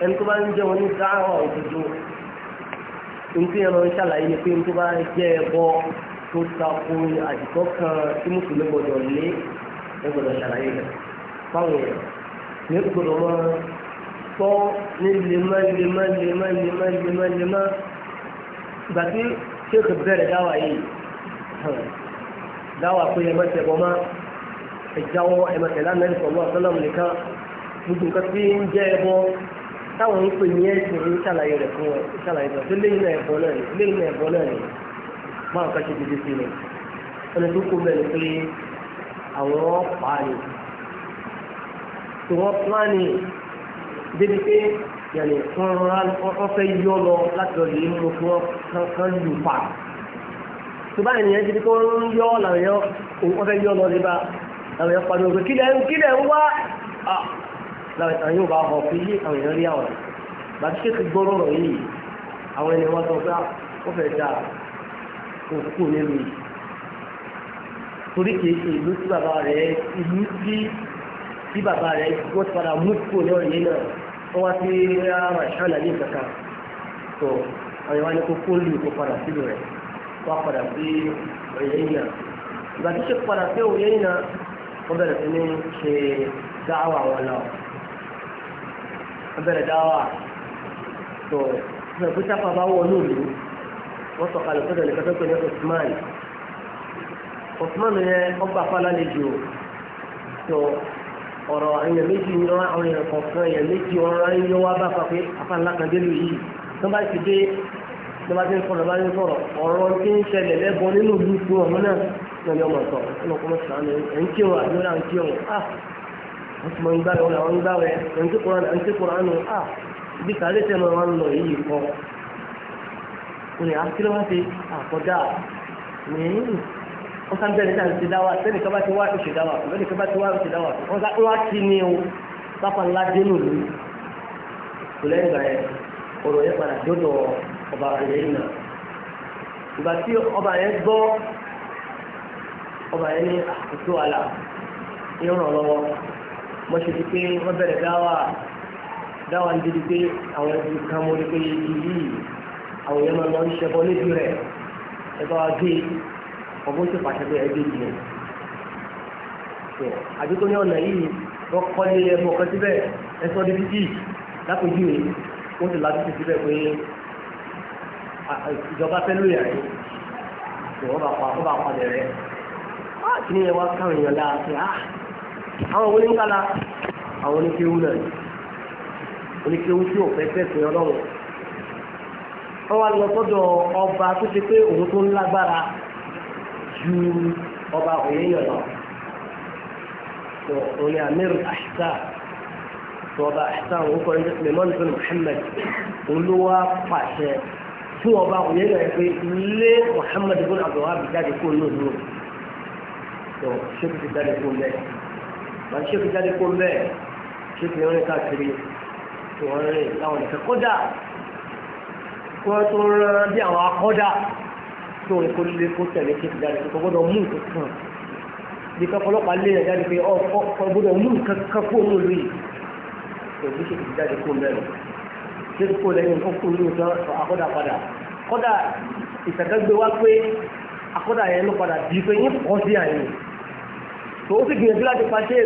S2: ẹni tó bá ń jẹun ní dáhùn òdodo nítorí ẹ̀rọ ń ṣàlàyé ni pé n tó bá jẹ́ ẹbọ tó tako àdìkọ́ kan tí mùsùlùmí gbọdọ̀ lé ẹ gbọdọ̀ ṣàlàyé rẹ̀ fáwọn èèyàn ní gbọdọ̀ wọn tọ́ ní lemọ́ lemọ́ lemọ́ lemọ́ lemọ́ lemọ́ ìgbà tí ṣéèkì bẹ̀rẹ̀ dáwà yìí dáwà pé ẹmọ tẹ̀ bọ́ máa ẹ̀jáwọ́ ẹmọ tẹ̀lá mẹ́rin sọ̀rọ̀ àtọ́lọ́mù nìkan gbogbo nǹkan tí ń jẹ́ ẹbọ táwọn ń pè ní ẹ̀sìn ní ṣàlàyé rẹ̀ fún wọn ṣàlàyé rẹ̀ tó léyìn náà ẹ̀bọ náà ni léyìn ni máa kọ́ ṣe dídí sí ni ẹni ni pé àwọn ọ̀pá ni tí wọ́n pláàni débi pé yàní wọ́n fẹ́ yọ lọ láti lọ lè mú kí wọ́n kán lù pa tó báyìí nìyẹn débi pé láwọn ìtàn yóò bá họ fi yé àwọn èèyàn rí àwọn bàtí ṣé ti gbọ́rọ̀ rọ̀ yìí àwọn ẹni wọ́n sọ pé ah, ó fẹ́ da òkú nílùú yìí torí kìí ṣe ìlú tí bàbá rẹ̀ ìlú tí tí bàbá rẹ̀ wọ́n ti padà mú kúrò ní ọ̀rẹ́ náà wọ́n wá sí ara ìṣáàlà ní ìkàkà tó àwọn ìwà ni kó lù kó padà sílù rẹ̀ wá padà sí ọ̀rẹ́ yìí náà ìgbà tí ṣe padà sí ọ̀rẹ́ yìí náà wọ́n bẹ̀rẹ̀ sí ní ṣe dáhùn àwọn náà wọ́n bẹ̀rẹ̀ dáwà tó ṣe pé sáfà bá wọ ní òlu wọ́n sọ kalẹ̀ fún ẹnìkan tó pè ní Osman Osman yẹn ọgbà fàlà lè jù tó ọ̀rọ̀ èèyàn méjì ní wọn àwọn èèyàn kọ̀ọ̀kan èèyàn méjì wọn rán yín wá bá pàpé afáńlá kan dé lóyè tó bá ti dé tó bá ti ń sọ̀rọ̀ bá ń sọ̀rọ̀ ọ̀rọ̀ tí ń ṣẹlẹ̀ lẹ́bọn nínú ìlú fún náà lọ́ni ọmọ sọ̀rọ̀ ẹnì wọ́n ti máa ń gbáwẹ̀ wọn àwọn ń gbáwẹ̀ ẹ̀ǹtí kùránù ẹ̀ǹtí kùránù à ibi kàlẹ́ tẹ̀ máa wọn lọ yìí kọ́ wọn ni àkílẹ̀ wọn ti àkọ́dá ní wọ́n sá ń bẹ̀rẹ̀ náà ti dáwà sẹ́ni kaba ti wá ìṣe dáwà sẹ́ni kaba ti wá ìṣe dáwà wọ́n sá wá kí ni o pápá ńlá dé nùlù kò lẹ́yìn ìgbà yẹn ọ̀rọ̀ yẹn padà dọ́dọ̀ ọba yẹn náà ìgbà tí ọba yẹn gbọ́ ọba yẹn ní àkótó àlà ń ràn lọ́wọ́ wọ́n ṣe ti pé wọ́n bẹ̀rẹ̀ dáwà dáwà ń dídí pé àwọn ẹbí kan mọ́ ní pé yìí àwọn èèyàn máa lọ ń ṣẹbọ níbi rẹ̀ ẹ̀bá wa gbé ọgbọ́n tó pàṣẹ pé ẹgbẹ́ ìdílé àbí tó ní ọ̀nà yìí wọ́n kọ́ ní ẹbọ kan síbẹ̀ ẹ̀sọ́ dídí jì lápèjúwe wọ́n ti lajú síbẹ̀ pé ìjọba fẹ́ lóyà rẹ̀ wọ́n bá pa wọ́n ah, kí ni ẹ wá káwọn èèyàn lára pé ah, àwọn òní ń kala àwọn oníkéwú náà oníkéwú tí ò fẹ́ fẹ́ fẹ́ ọlọ́run wọ́n wá lọ sọ́dọ̀ ọba tó ṣe pé òun tó ń lágbára ju ọba òyìnbó lọ tó òní amírù àṣìṣà tó ọba àṣìṣà òun kọ́ ẹni mẹ́mọ́n bin Muhammad olówó pàṣẹ fún ọba òyìnbó yẹn pé lé Muhammad bin Abdul Wahab jáde kó lóòlù tó ṣé kò ti jáde kó lẹ́yìn màá ṣe fi jáde kó mbẹ́ ṣe fi rìn káàkiri tó wọ́n rìn láwọn nìkan kódà kó tó rán bí àwọn akọ́dà tó ní kó lé kó tẹ̀lé ṣe fi jáde kó gbọ́dọ̀ mú nǹkan bí kan ọlọ́pàá lé yẹn jáde pé ọ gbọ́dọ̀ mú nǹkan kan kó mú lórí kò ní ṣe fi jáde kó mbẹ́ ṣe fi kó lẹ́yìn kó kó lórí tán akọ́dà padà kódà ìtàkàgbé wá pé akọ́dà yẹn ló padà bí pé yín kọ́ sí àyè tó ó sì gbìyànjú láti pàṣẹ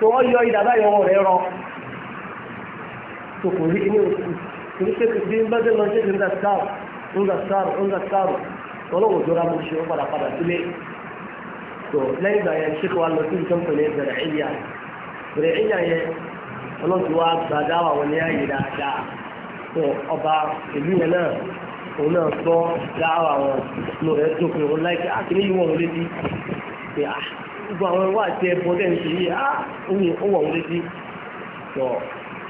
S2: tó wọ́n yọ ìdàbà ìwọ̀n rẹ̀ rọ tó kò rí inú òkú kò ní ṣètò bí bá dé lọ ṣe ti ń ga sáàrù ń ga sáàrù ń ga sáàrù tọ́lọ́wọ́ jọra mo ṣe ó padà padà sílé tó lẹ́yìn ìgbà yẹn ṣé kò wá lọ sí ìjọ pẹ̀lú bẹ̀rẹ̀ ìyá bẹ̀rẹ̀ ìyá yẹn ọlọ́dún wa gbàdá àwọn ní ààyè dáadáa tó ọba ìlú yẹn náà òun náà gbọ́ dáhà àwọn lò rẹ̀ òun láìpẹ́ àkíní ah, gbogbo àwọn ẹwà àti ẹbọ dẹ́n sí yìí á òun ò wọ̀ wọlé sí. tọ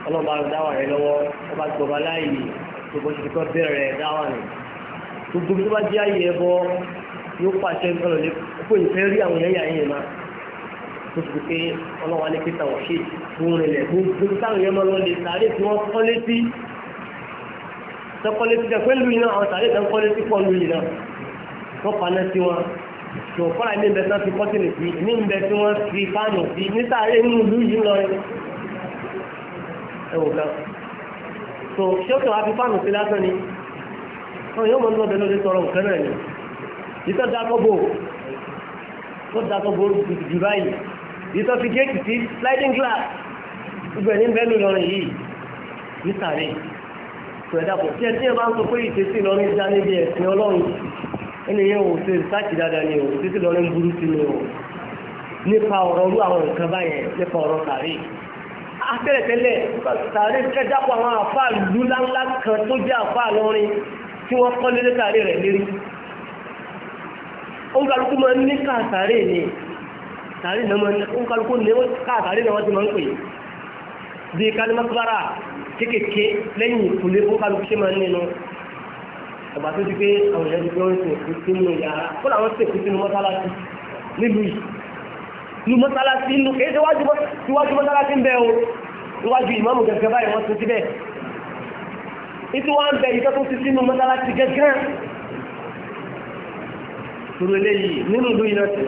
S2: ọlọ́ba dáwà rẹ lọ́wọ́ ọba gbọba láàyè gbogbo ṣe kọ́ bẹ̀rẹ̀ dáwà rẹ gbogbo tó bá jẹ́ àyè ẹbọ yóò pàṣẹ ọ̀rọ̀ lé kó ìfẹ́ rí àwọn ẹ̀yà yẹn ma tó ti pé ọlọ́wà ní pété àwọn ṣe fún rẹ̀ gbogbo táwọn yẹn máa lọ lè sáré tí wọ́n kọ́ létí tọkọ létí tẹ pẹ́lú yìí tó fọ́nà ilé ìbẹ̀ tán fi kọ́tìnì sí ní ìbẹ̀ tí wọ́n fi fáànù sí nítàrí inú ìlú yìí lọ ẹwò kan tó ṣé ó tó wá fi fáànù sí lásán ni wọ́n yóò mọ̀ ní ọbẹ̀ lórí sọ̀rọ̀ nǹkan náà ni ìtọ́ dákọ́bò ó dákọ́bò jù báyìí ìtọ́ fi géètì sí sliding glass gbogbo ẹni bẹ́ẹ̀ lórí yìí nítàrí tó ẹ̀dá pọ̀ tí ẹ tí ẹ bá ń sọ pé ìtẹ́sí ẹni yẹn ò ṣe ìsáàkì dáadáa ni o títí lọ ní burú sí ni o nípa ọ̀rọ̀ ọlú àwọn nǹkan báyẹn nípa ọ̀rọ̀ sàárè àtẹ́lẹ̀tẹ́lẹ̀ sàárè kẹjápọ̀ àwọn àfa ìlú ńláńlá kan tó jẹ́ àfa lọ́rin tí wọ́n kọ́ lé sàárè rẹ̀ lérí òǹkàlùkù máa ń ní ká sàárè ni sàárè náà máa ń òǹkàlùkù ní ká sàárè náà wọ́n ti máa ń pè bí kálímọ́kúbárà kékèké lẹ́yìn ìkùlé òǹkàlùkù ṣe máa ń nínú ọba tó ti pé àwọn èèyàn ti pé wọ́n ti èkó sínú yàrá kó làwọn ti èkó sínú mọ́sálásí nílùú yìí ní mọ́sálásí nù kéé tó wájú mọ́sálásí ń bẹ o níwájú ìmáàmù gẹ́gẹ́ báyìí wọ́n tún síbẹ̀ nítorí wọ́n ń bẹ ìjọ tó ti sínú mọ́sálásí gẹ́gẹ́ turu eléyìí nínú ìlú iná tẹ̀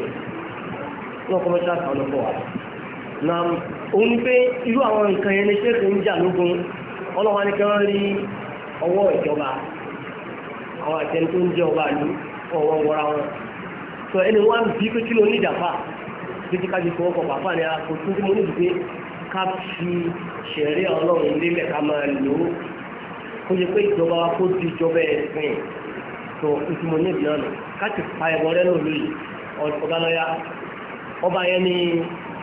S2: wọ́n kọ́ mọ́sálásí àwọn ọ̀pọ̀ wa na òun pé irú àwọn nǹkan yẹn ní ṣé kò ń jà lógun ọlọ́wọ́ àwọn àtẹni tó ń jẹ ọba àlú ọwọ́ wọra wọn sọ ẹni wọn bí pé kí ló ní ìdàpá títí ká ju fọwọ́ pàpà fáni àkótó tí mo ní ìdùgbé ká fi ṣẹ̀rí ọlọ́run lélẹ̀ ká máa lò ó kó yẹ pé ìjọba wa kó di ìjọba ẹ̀sìn tó ìtumọ̀ ní ìbí ọ̀nà ká pa ẹ̀wọ̀n rẹ̀ lòlù yìí lọ́yà ọba yẹn ni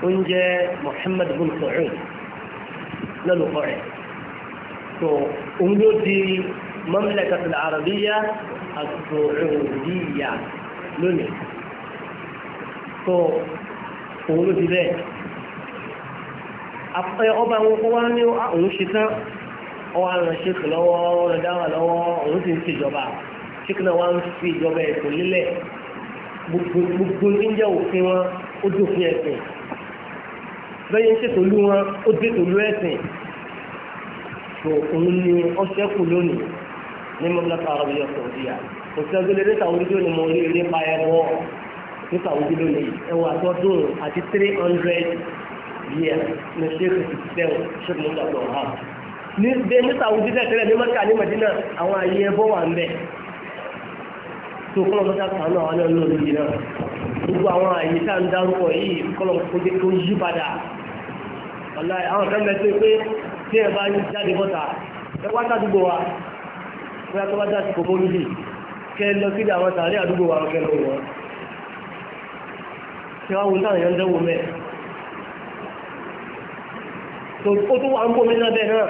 S2: oúnjẹ Muhammad bin Saud lọ́lùkọ́ rẹ̀ tó òun ló di mamlakatul arabiya as-saudiya lónìí tó òun ló ti bẹ́ẹ̀ ọba àwọn ọkọ̀ wá ní ah, òun ṣe tán ọwọ́ àwọn ṣèkì lọ́wọ́ ọ̀rọ̀ dáwà lọ́wọ́ òun ti ń ṣèjọba ṣèkì náà wá ń fi ìjọba ẹ̀kọ́ lílẹ̀ gbogbo ní jẹ́ òfin wọn ó dófin ẹ̀sìn bẹ́yẹn ṣètò lú wọn ó dé tòlú ẹ̀sìn tó òun ni ọṣẹ́kù lónìí ní mọ́mílẹ́kà arábíyà sọ̀rọ̀díyà kò sí ẹgbẹ́ lórí sàwọn ojú ni mo rí eré pa ẹ̀rọ ní sàwọn ojú lónìí ẹwà àtọ́dún àti three hundred years ní sèkè sixty seven sèkè mọ́tò àgbà ọ̀hà. ní bẹ́ẹ̀ ní sàwọn ojú tẹ̀tẹ̀rẹ̀ ní mọ́tò àní mọ̀dínà àwọn ayé ẹbọ wà ń bẹ̀. tó kọ́ lọ́dọ̀ kan náà wọn lọ lórí náà gbogbo àwọn àyè tá à ń dárúkọ yìí kọ́lọ̀ kójú tó yí padà. ọ̀la àwọn kan bẹ wa fún yàtọ̀ bá dá sí kòmó lùdì kẹ lọ sí àwọn sàárẹ̀ àdúgbò wa kẹ lọ wọn kí wọn wọn táwọn èèyàn ń dẹ́wò mẹ́ tó ó tún wà ń bómi náà bẹ́ẹ̀ náà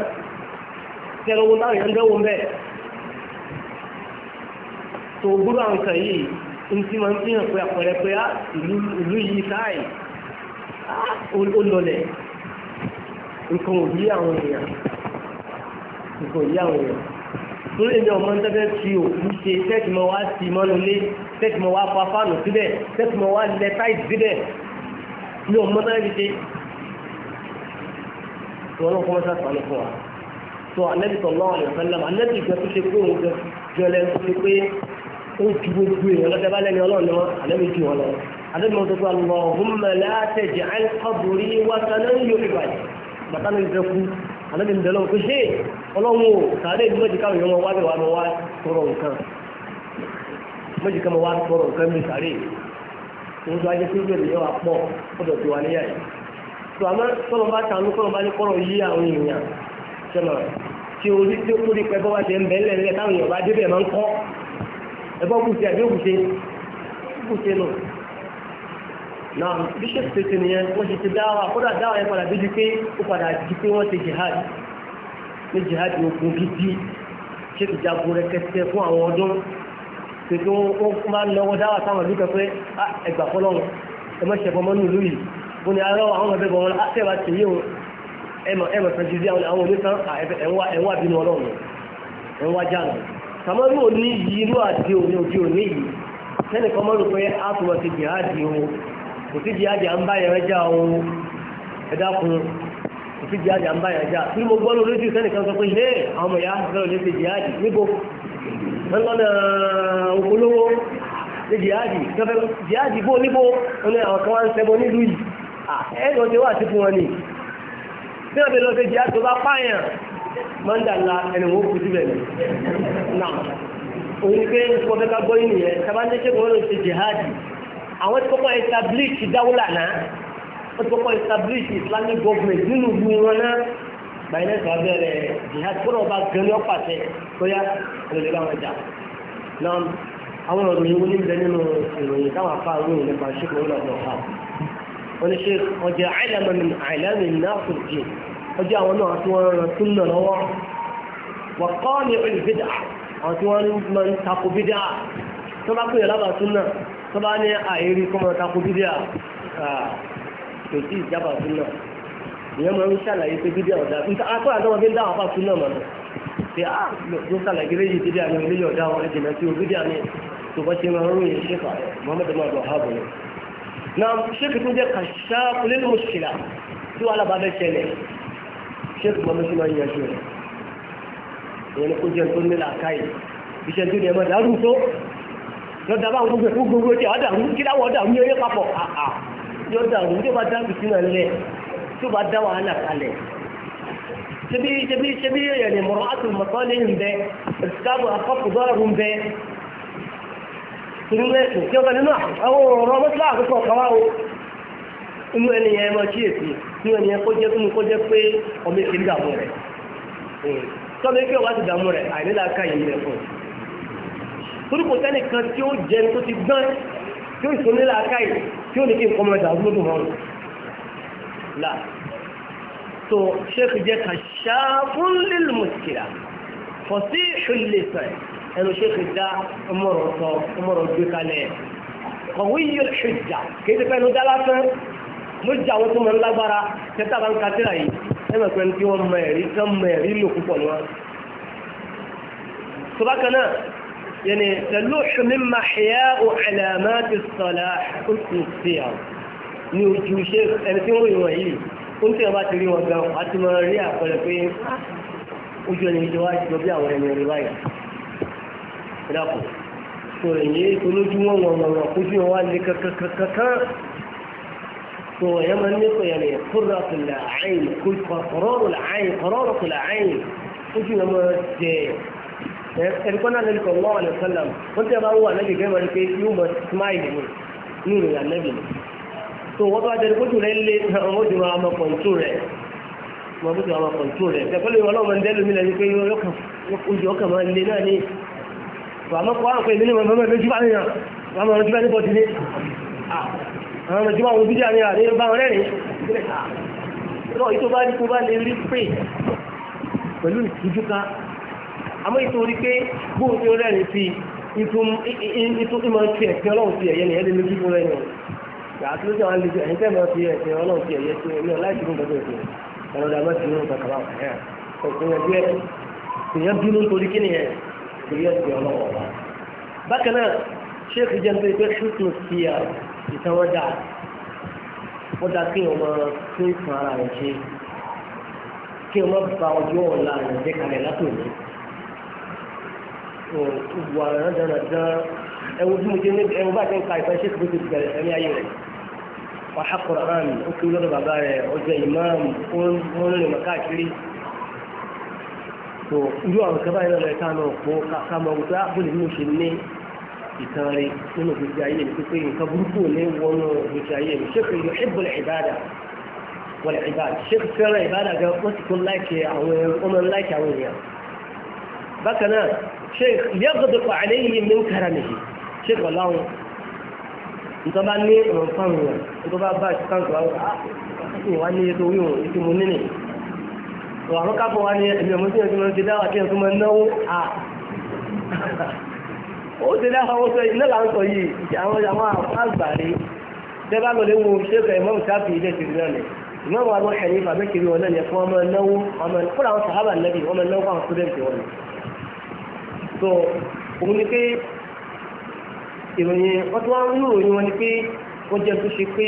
S2: kẹ lọ wọn táwọn èèyàn ń dẹ́wò mẹ́ tó gbúrò àwọn yìí ń tí máa fi hàn pé àpẹẹrẹ pé á ah, ìlú yìí káàì ah, ó lọlẹ̀ nǹkan ò yí àwọn èèyàn nǹkan ò yí àwọn èèyàn torí èmi ọmọ ń tẹ́fẹ́ ti òkú ṣe tẹ́tì mọ́ wá sí mọ́nu lé tẹ́tì mọ́ wá fa fáànù síbẹ̀ tẹ́tì mọ́ wá lẹ táìsì síbẹ̀ ní ọmọ tẹ́fẹ́ ti ṣe. wọn lọ kọ́mọ́sá sàánú fún wa tó anẹ́bí sallallahu alaihi wasallam anẹ́bí ìgbà tó ṣe pé òun jọlẹ̀ tó ṣe pé ó ju gbogbo èèyàn lọ́tẹ́ bá lẹ́ni ọlọ́ọ̀ni wọn anẹ́bí ju wọn lọ anẹ́bí wọn tó tó Allahumma la taj'al qabri watanan yu'bad bàtà náà ń ànábì ń bẹ̀rẹ̀ pé ṣé ọlọ́run o sàárè ní mọ́jìká òyìnbó wọn wá bẹ̀ wá mọ́ wá tọrọ nǹkan mọ́jìká mọ́ wá tọrọ nǹkan mi sàárè òun tó ajé pé bẹ̀rẹ̀ yẹn wà pọ̀ ọ̀dọ̀ tó wà níyà yìí tó àmọ́ tọ́lọ́ bá tànú kọ́lọ́ bá ní kọ́rọ̀ yí àwọn èèyàn sẹ́nà tí orí tí ó kúrò pẹ́ bọ́ bá ti ń bẹ́ẹ̀ lẹ́lẹ́ táwọn èèyàn bá débẹ̀ máa ń kọ́ ẹ̀bọ́ kùsì àbí òkùsì nù náà bíṣẹ́ pèsè nìyẹn wọ́n ti ti dáwà kódà dáwà yẹn padà bí di pé ó padà di pé wọ́n ti jihad ní jihad ogun gidi ṣé ti jagun rẹkẹtẹ fún àwọn ọdún pèsè wọn máa ń lọ́wọ́ dáwà táwọn ìlú kan pé ẹgbà fọlọ́run ẹ mọ̀ ṣẹ̀fọ́ mọ́nú ìlú yìí ó ní arọ́ àwọn ọ̀bẹ bọ̀ wọn àtẹ̀wà tèyí o ẹmọ̀ ẹmọ̀ fẹ̀júdí àwọn oníkan ẹ̀wà bínú ọlọ́run ẹ̀wà jáàmù kàmọ́rú òní yìí irú àti òní òdi òní yìí tẹ́nìkan mọ́rù pé kò sí jihadi à ń bá yẹn já o ẹ dákun kò sí jihadi à ń bá yẹn já tí mo gbọ́ lórí ojú sẹ́nìkan sọ pé ilé àwọn ọmọ ìyá fẹ́ràn lè ṣe jihadi níbo wọ́n lọ́nà ògbólówó ní jihadi tọ́fẹ́ jihadi bó níbo wọn ni àwọn kan wá ń ṣẹbọ nílùú yìí ẹ lọ ṣe wá sí fún wọn ni bí wọ́n fi lọ ṣe jihadi tó bá pààyàn mọ́ndà ńlá ẹni wọ́n kú síbẹ̀ ni náà òun ni pé nǹkan ká gbọ́ yìí nìyẹn tábà ń ṣe kò wọ́n lọ ṣe àwọn tí kọ́kọ́ establish dáwọ́là náà wọ́n ti kọ́kọ́ establish islamic government nínú ìlú wọn náà báyìí lẹ́sọ̀ abẹ́rẹ́ jihad kúrò ọba gẹ́lẹ́ ọ̀pàṣẹ bóyá olè bá wọn jà náà àwọn ọ̀rọ̀ yìí wọ́n ní bẹ́ẹ̀ nínú ìròyìn táwọn afá ròyìn nípa ṣùgbọ́n wọn lọ́dọ̀ ọ̀fà wọn ṣe ọjà àìlàmọ̀ tó bá pè lábàá tún náà tó bá ní àìrí kọ́mọ takò bídíà kò sí ìjábà tún náà ìyẹn mọ̀ ń ṣàlàyé pé bídíà ọ̀dà níta akọ́ àtọ́wọ́ bí ń dáhùn àpá tún náà mọ̀ pé a ló ṣàlàyé léyìí bídíà ní ilé ọ̀dà wọn ẹ̀jẹ̀ náà tí o bídíà ní tó bá ṣe máa ń ròyìn ṣèkà Muhammad máa lọ hábọ̀ ni. na ṣéèkì tó jẹ́ kàṣá nínú òṣìlá tí wàhálà bá fẹ́ ṣẹlẹ̀ ṣéèkì mọ́mí sí máa ń yanjú rẹ̀ ìyẹn ni kó jẹ́ tó nílà káyì iṣẹ́ tó ní ẹ̀ lọ́dà bá gbogbo gbogbo tí àwọn kí láwọn dàrú ní eré papọ̀ àà yóò dàrú tí bá dá bìtì náà lẹ̀ tí bá dá wàhálà kalẹ̀. ṣebí ṣebí ṣebí yẹn ni mọ̀rọ̀ àti mọ̀tọ́ lé ń bẹ ìsìkáàbọ̀ akọ́kù dọ́rọ̀ ń bẹ. tùmílẹ̀ tó kí ọ̀gá nínú àwọn ọ̀rọ̀ mọ́tò àkókò kàwá torí kò sẹ́ni kan tí ó jẹ tó ti gbọ́n tí ó sọ nílà káyì tí ó ní kí n kọ́mọ ẹ̀dá lódò wọn là tó ṣéèkì jẹ́ kashafun lil muskila fasihul lisan ẹnu ṣéèkì dá ọmọrọ̀ sọ ọmọrọ̀ gbé kalẹ̀ qawiyyul hujja kéde pẹ́ẹ́nu dá lásán mo jẹ́ àwọn tó mọ̀ ń lágbára tẹ́tà bá ń ka síra yìí ẹ̀mọ̀ pẹ́ẹ́nu tí wọ́n mọ ẹ̀rí يعني تلوح مما حياء علامات الصلاح قلت نسيا نيوتي شيخ انا تيم روي قلت يا بات لي وضع حتما ريا فلقين وجو ني جواج جوبيا ورين رواية لاقو سوريني كنو جمو وما ما خشي وان لك كا كا كا كا سوري يمن نيكو يعني قرة العين كل قرار العين قرارة العين خشي نمو جيه ẹ̀ríkọ́ náà lẹ́nu kọ̀ọ̀mọ́ wà lẹ́sọ̀lá wọ́n ti bá wà lẹ́bi gẹ́gẹ́ wọn pé yóò mọ̀ smile ni ní ìrìn àlẹ́bi ni tó wọ́n bá jẹ́ kótó rẹ̀ lé ọmọ jù wọn àmọ́ kọ̀ǹtù rẹ̀ ọmọ jù wọn àmọ́ kọ̀ǹtù rẹ̀ tẹ̀kọ́lé wọn lọ́wọ́ dẹ́lu mi lẹ́nu pé ojú ọkàn máa lé náà ní àmọ́ kọ́ àwọn pé ìdílé wọn fẹ́ẹ́ lójú bá nìyàn àwọn ọmọ jùlọ nípa ìdílé àwọn ọmọ jùlọ àwọn ojú àmì àríyàn bá wọn rẹ́rìn lọ́ọ̀ yìí tó bá rí pé pẹ̀lú ìtújú àmọ́ ìtorí pé bóun ti rẹ́rìn sí ìtún ìmọ̀ ti ẹ̀sìn ọlọ́run ti ẹ̀yẹ nìyẹn lè lójú fún rẹ́rìn yàtí ló jẹ́ wọn lè ẹ̀yìn tẹ́ mọ̀ ti ẹ̀sìn ọlọ́run ti ẹ̀yẹ sí ẹ̀mí ọ̀la ìṣirò gbọdọ̀ ẹ̀sìn ẹ̀rọ dàgbà ti rún kàkà bá ẹ̀ ọ̀sìn ẹ̀bí ẹ̀ èèyàn bínú torí kí nìyẹn torí ẹ̀sìn ọlọ́run ọ̀la bákan náà ṣéèkì jẹ́ pé ṣùkùn sí ìtàn wọn dáa wọ́n dá kí ọmọ tó ìtàn ara rẹ̀ ṣe kí ọmọ bá ọjọ́ ọ̀la rẹ̀ jẹ́ kalẹ̀ látòmí ìwà rẹ̀ dáradára ẹwọ bí mo ṣe ní ẹwọ bá ṣe ń ka ìfẹ́ ṣe kí ló ti bẹ̀rẹ̀ ẹ̀mí ayé rẹ̀ wàhá kọ̀ọ̀rán ó kí lọ́dọ̀ bàbá rẹ̀ ọjọ́ ìmáàmù ó ń rìn mọ́ káàkiri tó irú àwọn ìkẹ́ báyìí lọ́dọ̀ ẹ̀ka náà kó ká mọ wípé àbúlé ní oṣù ní ìtàn rẹ̀ nínú ìgbésí ayé mi pípé nǹkan burúkú ní wọnú ìgbésí ayé mi ṣé kò yọ ìbáàdà wọlẹ̀ ìbáàdà ṣé kò fẹ́ràn bákan náà يغضب عليه من كرمه. kára والله، sheikh ọ̀làwọn nítorí bá ní ọ̀rọ̀ fáwọn èèyàn nítorí bá bá ìṣúkà nǹkan wọn àti ah, ìwà ní ètò wíwọ̀n ètò mú nínú ìwà àwọn kápọ̀ wa ní ẹ̀mí ọmọ tí wọ́n ti dáwà tí wọ́n ti náwó à ah. ó ti dáwà wọ́n sọ iná là ń sọ yìí àwọn àwọn àgbàrí tẹ́ bá lọlé wo sheikh imam shafi ilé ti rìn náà ìmọ̀ràn àwọn ẹ̀yìn fàbẹ́kiri wọn náà ni ẹ̀fọ́ ọmọ náwó ọmọ kúrò àwọn sàhábà nàbì ọmọ náwó àwọn sùdẹ̀ǹtì wọn tó òun ni pé ìròyìn wọ́n ti wá ń ròyìn wọn ni pé wọ́n jẹ́ tó ṣe pé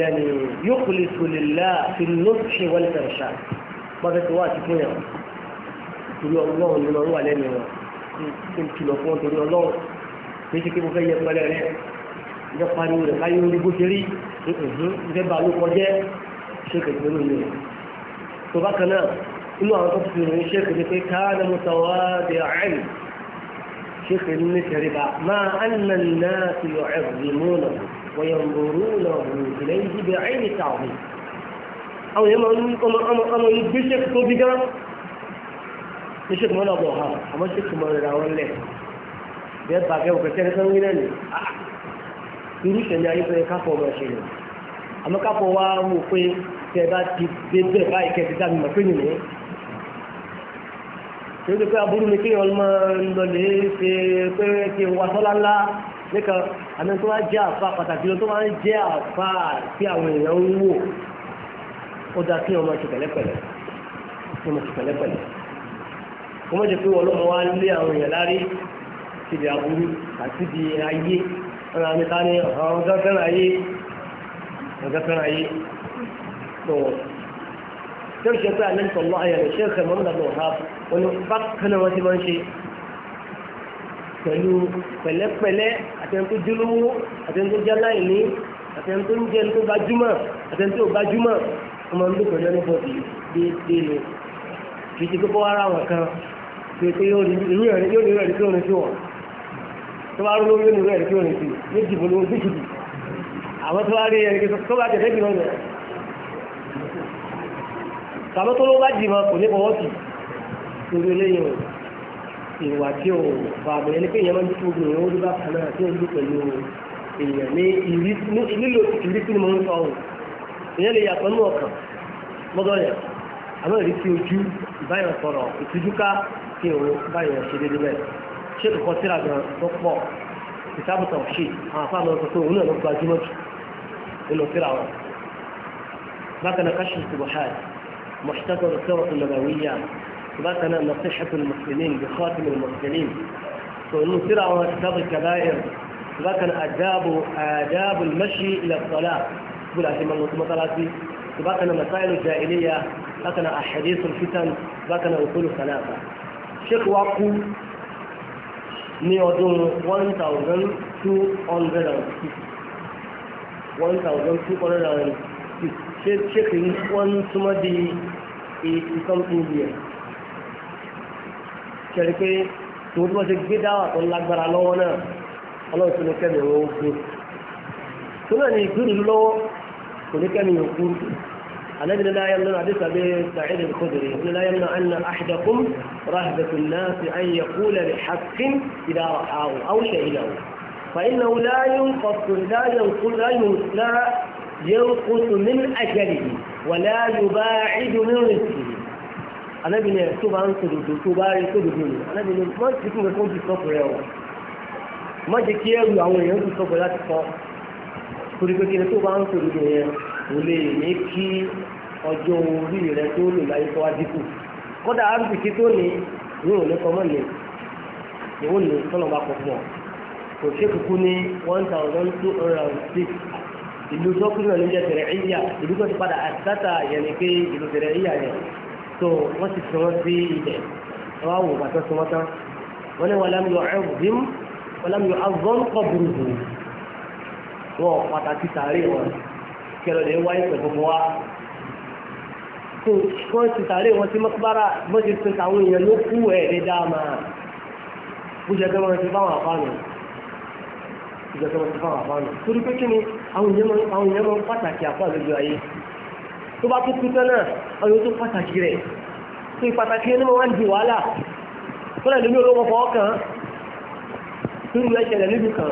S2: yàní yóò kò lè tò lè la fi lóṣìṣẹ́ wọlé tẹ̀sà wọ́n fẹ́ tó wá àti fún yàn torí ọlọ́run nínú ọlọ́run wà lẹ́nu wọn kí n kìlọ̀ fún torí ọlọ́run kí n ṣe pé mo fẹ́ yẹ pẹlẹ rẹ ìjọ pariwo rẹ káyé orí bó ṣe rí ìfẹ́ bá ló ṣe kẹ̀kẹ́ lónìí tó bá kan náà inú àwọn tó fi ròyìn ṣéèkì ni pé káàdà mutawadi àìn ṣéèkì ní tẹríba máa ànà náà ti yọ ẹ̀rùmúnà wọ̀yọ̀mbòrú náà wù ilẹ̀ yìí bẹ̀ àìn níta ọ̀hún. àwọn èèyàn máa ń ọmọ ọmọ ọmọ yìí gbé ṣéèkì tó bí gán ní ṣéèkì mọ́nà bọ̀ ha àmọ́ ṣéèkì mọ́ rẹ̀ àwọn lẹ̀ bẹ́ẹ̀ bá ah, bá bẹ́ẹ̀ báyìí kẹ́ ti dá mi mọ̀ pé nìyẹn tó ti pé aburú ni kí ọlọ́mọ lọlé ṣe pé kí n wasọ́ lánlá nìkan àmì tó bá jẹ́ àfa pàtàkì lọ tó bá ń jẹ́ àfa tí àwọn èèyàn ń wò ó dáa kí ọmọ ṣe pẹ̀lẹ́pẹ̀lẹ́ ọmọ ṣe pẹ̀lẹ́pẹ̀lẹ́ ọmọ jẹ́ pé ọlọ́mọ wa lé àwọn èèyàn lárí síbi aburú àti ibi ayé ọ̀rọ̀ àmì ká ní ọ̀gá fẹ́ràn ayé ọ̀gá fẹ́ràn ayé tó ṣe pé àlẹ́ ìtọ́lọ́ ayẹyẹ ṣe é kẹmọ́ ńlá lọ́ha wọn bá kánà wọn ti máa ń ṣe pẹ̀lú pẹ̀lẹ́pẹ̀lẹ́ àtẹnudó jólówó àtẹnudó jáláìní àtẹnudó ń jẹ́ tó gbajúmọ̀ àtẹnudó gbajúmọ̀ wọn máa ń dùn pẹ̀lú ẹni bọ̀dì déédéé ni kì í ṣe kókó ara wọn kan pé pé yóò ní rẹ̀ kí orin sí wọn tó bá rúlórí yóò ní rẹ̀ kí orin sí méjì bolo méjì àwọn tó bá rí ẹni tó bá tẹ̀lé jù lọ́nà tàbí tó ló bá jìmọ̀ kò ní fọwọ́ sí lórí eléyìí o ìwà tí o bá bẹ̀rẹ̀ ní pé ìyẹn máa ń dúró gbòòrò ó dúró kan náà tí ó ń dúró pẹ̀lú èèyàn ní nílò ìrísí ni mo ń sọ o ìyẹn lè yàtọ̀ nínú ọkàn mọ́tò yẹn àmọ́ ìrísí ojú ìbáyọ̀ sọ̀rọ̀ ìtújúká kí o báyọ̀ ṣe dédé mẹ́rin ṣé kòkó síra gan tó pọ̀ ìsábùtàn ṣe àwọn afáàmì ọ̀sán pé òun náà ló gbajúmọ̀ jù nínú síra wọn bákan náà káṣí ìṣubú ṣáàjì محتكر السيرة النبوية وبعدنا نصيحة المسلمين بخاتم المسلمين وأنه سرع كتاب الكبائر وبعدنا آداب آداب المشي إلى الصلاة تقول أتم المطمطلاتي وبعدنا مسائل الجاهلية وبعدنا أحاديث الفتن وبعدنا أصول الخلافة شيخ واقو ní 1200 1260 cikin wani one da is from India. ṣẹ̀rí pé tó tí wọ́n ṣe gbé dáwà tó lágbára lọ́wọ́ náà ọlọ́run tó ní kẹ́mi wọn ó So tó náà ní ìgbìrì lọ́wọ́ kò ní kẹ́mi yóò الذي لا يمنع ذلك أبي سعيد الخدري لا يمنع أن أحدكم رهبة الناس أن يقول بحق إذا رحاه أو شهده فإنه لا ينقص لا ينقص لا ينقص من أجله ولا يباعد من رزقه Ànábì ní tó bá ń sòdòdò tó bá rí sódòdò ni Ànábì ní má ti fún ẹ̀kọ́ ti sọ́kù rẹ̀ o má jẹ́ kí ẹrù àwọn èèyàn ti sọ́kù láti kọ́ torí pé kíni tó bá ń sòdòdò yẹn ò lè ní kí ọjọ́ orí rẹ̀ tó lò láyé kọ́ adínkù kódà arúgbìkí tó ní ní òun lẹ́kọ́ mọ́ ni ìwọ́n ní sọ́nà bá kọ́ fún ọ kò ṣe kúkú ní one thousand two hundred and six ìlú tó kúrò ló jẹ́ tẹ̀rẹ̀ ìyá ìlú tó ti padà àtàtà yẹn ni pé ìlú tẹ̀rẹ̀ ìyá yẹn tó wọ́n ti sọ wọ́n sí ilẹ̀ wọ́n á wò bàtà sọ wọ́n tán wọ́n ní wàlámù yọ ẹ̀rùbím wàlámù yọ azọ́n kọ́ burúkú wọ́n pàtàkì sàárè wọn kẹlẹ̀ lè wáyé pẹ̀lú wa tó wọ́n ti sàárè wọn sí mọ́kúbára bó àwọn èèyàn ló kú ẹ̀ lé dáa máa bó ṣe fẹ́ wọn àpá nù ìjọba wọn ti fà wà fáwọn torí pé kí ni àwọn èèyàn máa ń pàtàkì àpá lójú ayé tó bá tó kú tán náà àwọn èèyàn tó pàtàkì rẹ̀ tó ìpàtàkì ẹni máa ń di wàhálà fúnra ìlú mi ò lọ́wọ́ fọwọ́ kàn án tó ń lọ ìṣẹ̀lẹ̀ níbi kan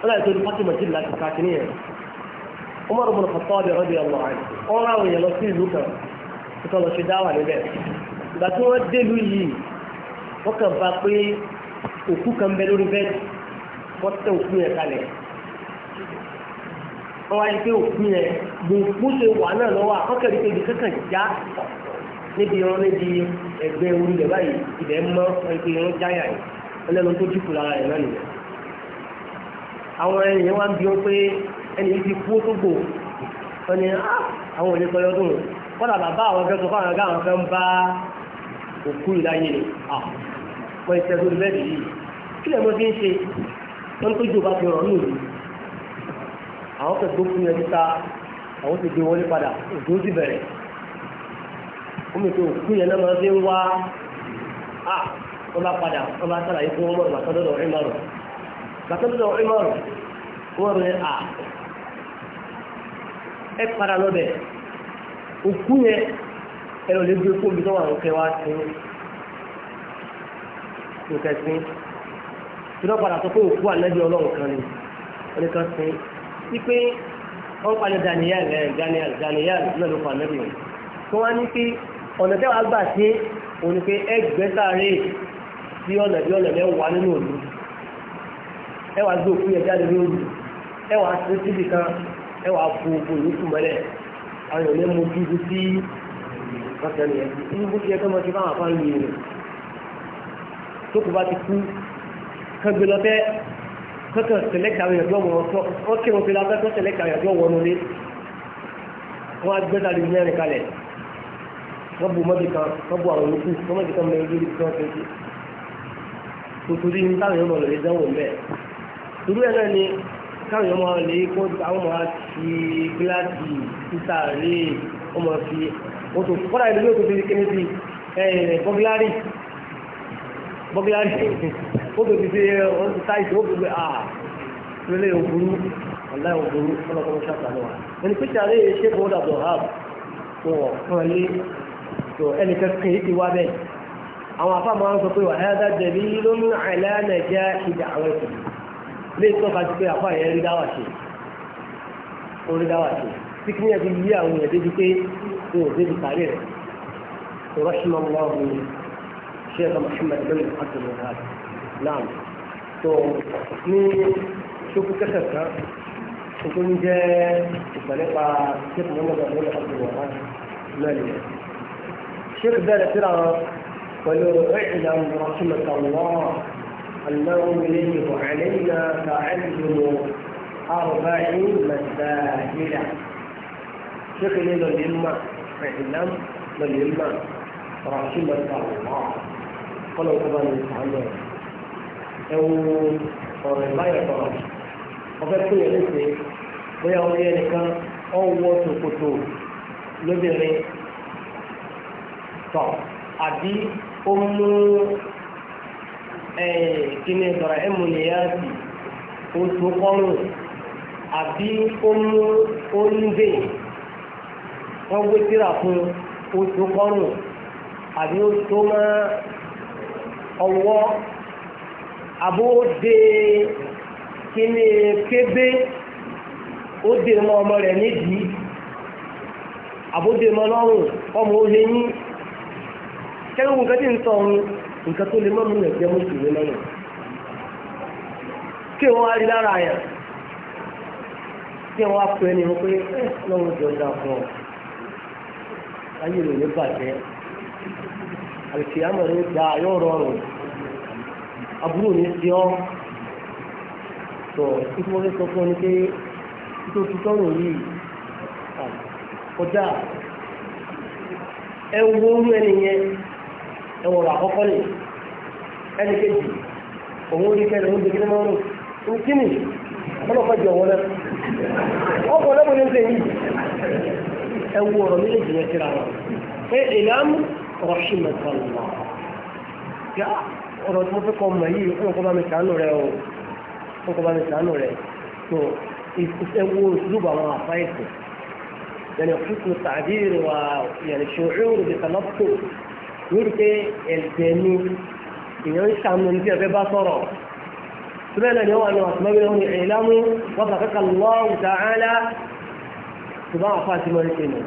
S2: fúnra ìtò ní pátí màjì láti káàkiri yẹn Umar ibn Khattab radiyallahu anhu wọn ra àwọn èèyàn tó kàn lọ ṣe dáwà níbẹ̀ ìgbà tí wọ́n dé ìlú yìí wọ́n kàn bá pé òkú kan wọ́n tẹ òfin yẹn kalẹ̀ wọ́n wáyé pé òfin yẹn gbogbo ṣe wà náà lọ́wọ́ àkọ́kẹ́rì pé ibi kankan já níbi irun níbi ẹgbẹ́ orí rẹ̀ báyìí ibẹ̀ mọ́ ẹgbẹ́ irun jáyà yìí ọlẹ́nu tó dìkù lára rẹ̀ náà nìyẹn àwọn ènìyàn wá ń bí wọn pé ẹni yìí ti kú tó gbò wọn ni ah, àwọn ènìyàn sọ yọdún kọ́dà bàbá àwọn fẹ́ sọ fáwọn ọ̀gá àwọn fẹ́ ń bá òkú ìláyè ni ah, wọ́n ti tẹ́sọ́ yìí kí lè mọ́ ti ń ṣe wọ́n tó jù bá ti rọ̀ nílùú àwọn tó gbó fún yẹn títa àwọn tó gbé wọlé padà òjò ti bẹ̀rẹ̀ wọ́n mi tó kú yẹn náà máa fi ń wá à wọ́n bá padà wọ́n bá sára fún ọmọ rẹ̀ bàtọ́dọ̀ ọ̀rẹ́ ọ̀rẹ́ wọ́n rẹ̀ à ẹ padà lọ́bẹ̀ òkú yẹn ẹ lọ gbé fún mi tó wà ń kẹ́ wá sí sí. ìlú padà sọ pé òkú ànábì ọlọ́run kan ni ọdún kan sin sí pé wọ́n palẹ̀ Daniel ẹ̀ eh, Daniel Daniel náà ló fa ànábì rẹ̀ tó wá ní pé ọ̀nà tẹ́wàá gbà sí òun ni pé ẹgbẹ́ sáré sí ọ̀nà bí ọ̀nà mẹ́wàá nínú òlu ẹwà gbé òkú yẹn jáde ní òlu ẹwà sí síbi kan ẹwà bu òkú ìlú kù mọ́lẹ̀ àwọn èèyàn mú bí ibi tí wọ́n tẹ̀lé yẹn ní bó ti yẹ kí wọ́n ti bá wọn fáwọn yìí rẹ̀ tó kù bá ti kú kan gbé lọ bẹ́ kọ́kàn select àwọn ìyàgbọ́ wọn tó ó kí wọn fi la kọ́kàn select àwọn ìyàgbọ́ wọn lé wọn á gbé tàbí mẹ́rin kalẹ̀ wọ́n bu mọ́bì kan wọ́n bu àwọn olùkú wọ́n mọ́bì kan mẹ́rin lórí kí wọ́n fi ṣe tòtòrí ní táwọn èèyàn lọ́lẹ̀ dánwò ń bẹ̀ torí ẹ̀ náà ni táwọn èèyàn máa lè kó àwọn máa fi gíláàsì títà lé wọ́n máa oṣù kọ́dà ìlú yóò tó fi kéde sí ẹ̀ bọ́gílárì ó bèbí pé wọ́n ti táìsì ó bèbí à lélẹ̀ ah, òbúrú ọ̀la òbúrú ọlọ́kọ̀ọ́ ṣàtàlẹ́ wa ẹni pé tí a lè ṣe kó dàbọ̀ ha ah, tó wọ̀ fún ẹlé tó ẹni kẹ́kẹ́ yìí ti wá bẹ́ẹ̀ àwọn afá máa ń sọ pé wàhálà dá dẹ̀bí lónìí àìlá nàìjíríà ìjà àwọn ẹ̀kọ́ lè tọ́ka sí pé afá yẹn rí dáwà ṣe orí dáwà ṣe tí ẹbí yí àwọn èèyàn débi pé ní òde bí sáré rẹ̀ rọ́ṣùmọ́ wọn ní ṣé ẹ̀ka Muhammad bin Abdul Wahab نعم دونك مي شوفو كتبتها كنت مجال بطريقة كيف نمضى من الأرض الوضع مالية الشيخ دالة ترى قالوا اعلم رحمة الله أنه يجب علينا تعلم أربعين مسائل شيخ لنا اليمة اعلم لليمة رحمة الله قالوا طبعا الحمد ẹwù ọ̀rọ̀ ìbáyọ̀tọ̀rọ̀ ọ̀fẹ́ tó yẹ léṣe bóyá orí ẹnìkan ọ̀wọ́ tòkòtò lóbìnrin tọ̀ àbí ó mú kíni sọ̀rọ̀ ẹ̀mú nìyáàtì oṣù kọ́rùn àbí ó mú oúnjẹ wọ́n gbé tíra fún oṣù kọ́rùn àbí ó tó máa ọwọ́. àbóde kíní kébé o dè mọ́ ọmọ e nídìí àbóde mọ́ lọ́rùn ọmọ olè yín kẹ́lú nǹkan tí ń sọ nǹkan tó lè mọ́mú rẹ̀ jẹ́ mùsùlùmí kí wọ́n á lára yẹn kí wọ́n á pè wọn pé eh, lọ́run jọ dáa fún ọ aburú ní sí ọ́ tó ikú wọn sọ fún ọ ní pé tó ti tọrọ yìí kọjá ẹ wo orú ẹni yẹn ẹ wọ̀rọ̀ àkọ́kọ́ ni ẹni kejì òun rí kẹrin ó dèkí lọ́rùn nkíni ọlọ́pàá jẹ ọwọ́ náà ọkọ̀ ọlọ́pàá ní ṣe yìí ẹ wo ọ̀rọ̀ méjèèjì yẹn síra wọn pé ìlànà ọ̀rọ̀ ṣì mẹ́ta lọ́wọ́ ọ̀rọ̀ tí mo fẹ́ kọ́ mọ̀ yìí fún ọkọ̀ bá mi sànù rẹ o fún ọkọ̀ bá mi sànù rẹ tó ìṣiṣẹ́ wo ìṣúlùbọ̀ àwọn àfáìsì yẹn fúnfún tàbí ìrìwà yẹn ṣòro ìbìtàlọ́pọ̀ lórí pé ẹ̀jẹ̀ ni èèyàn ń sànù ní bí ẹ̀fẹ́ bá sọ̀rọ̀ سمعنا ان هو ان اسماء من اعلامه وفقك الله تعالى تبع فاطمه الكريمه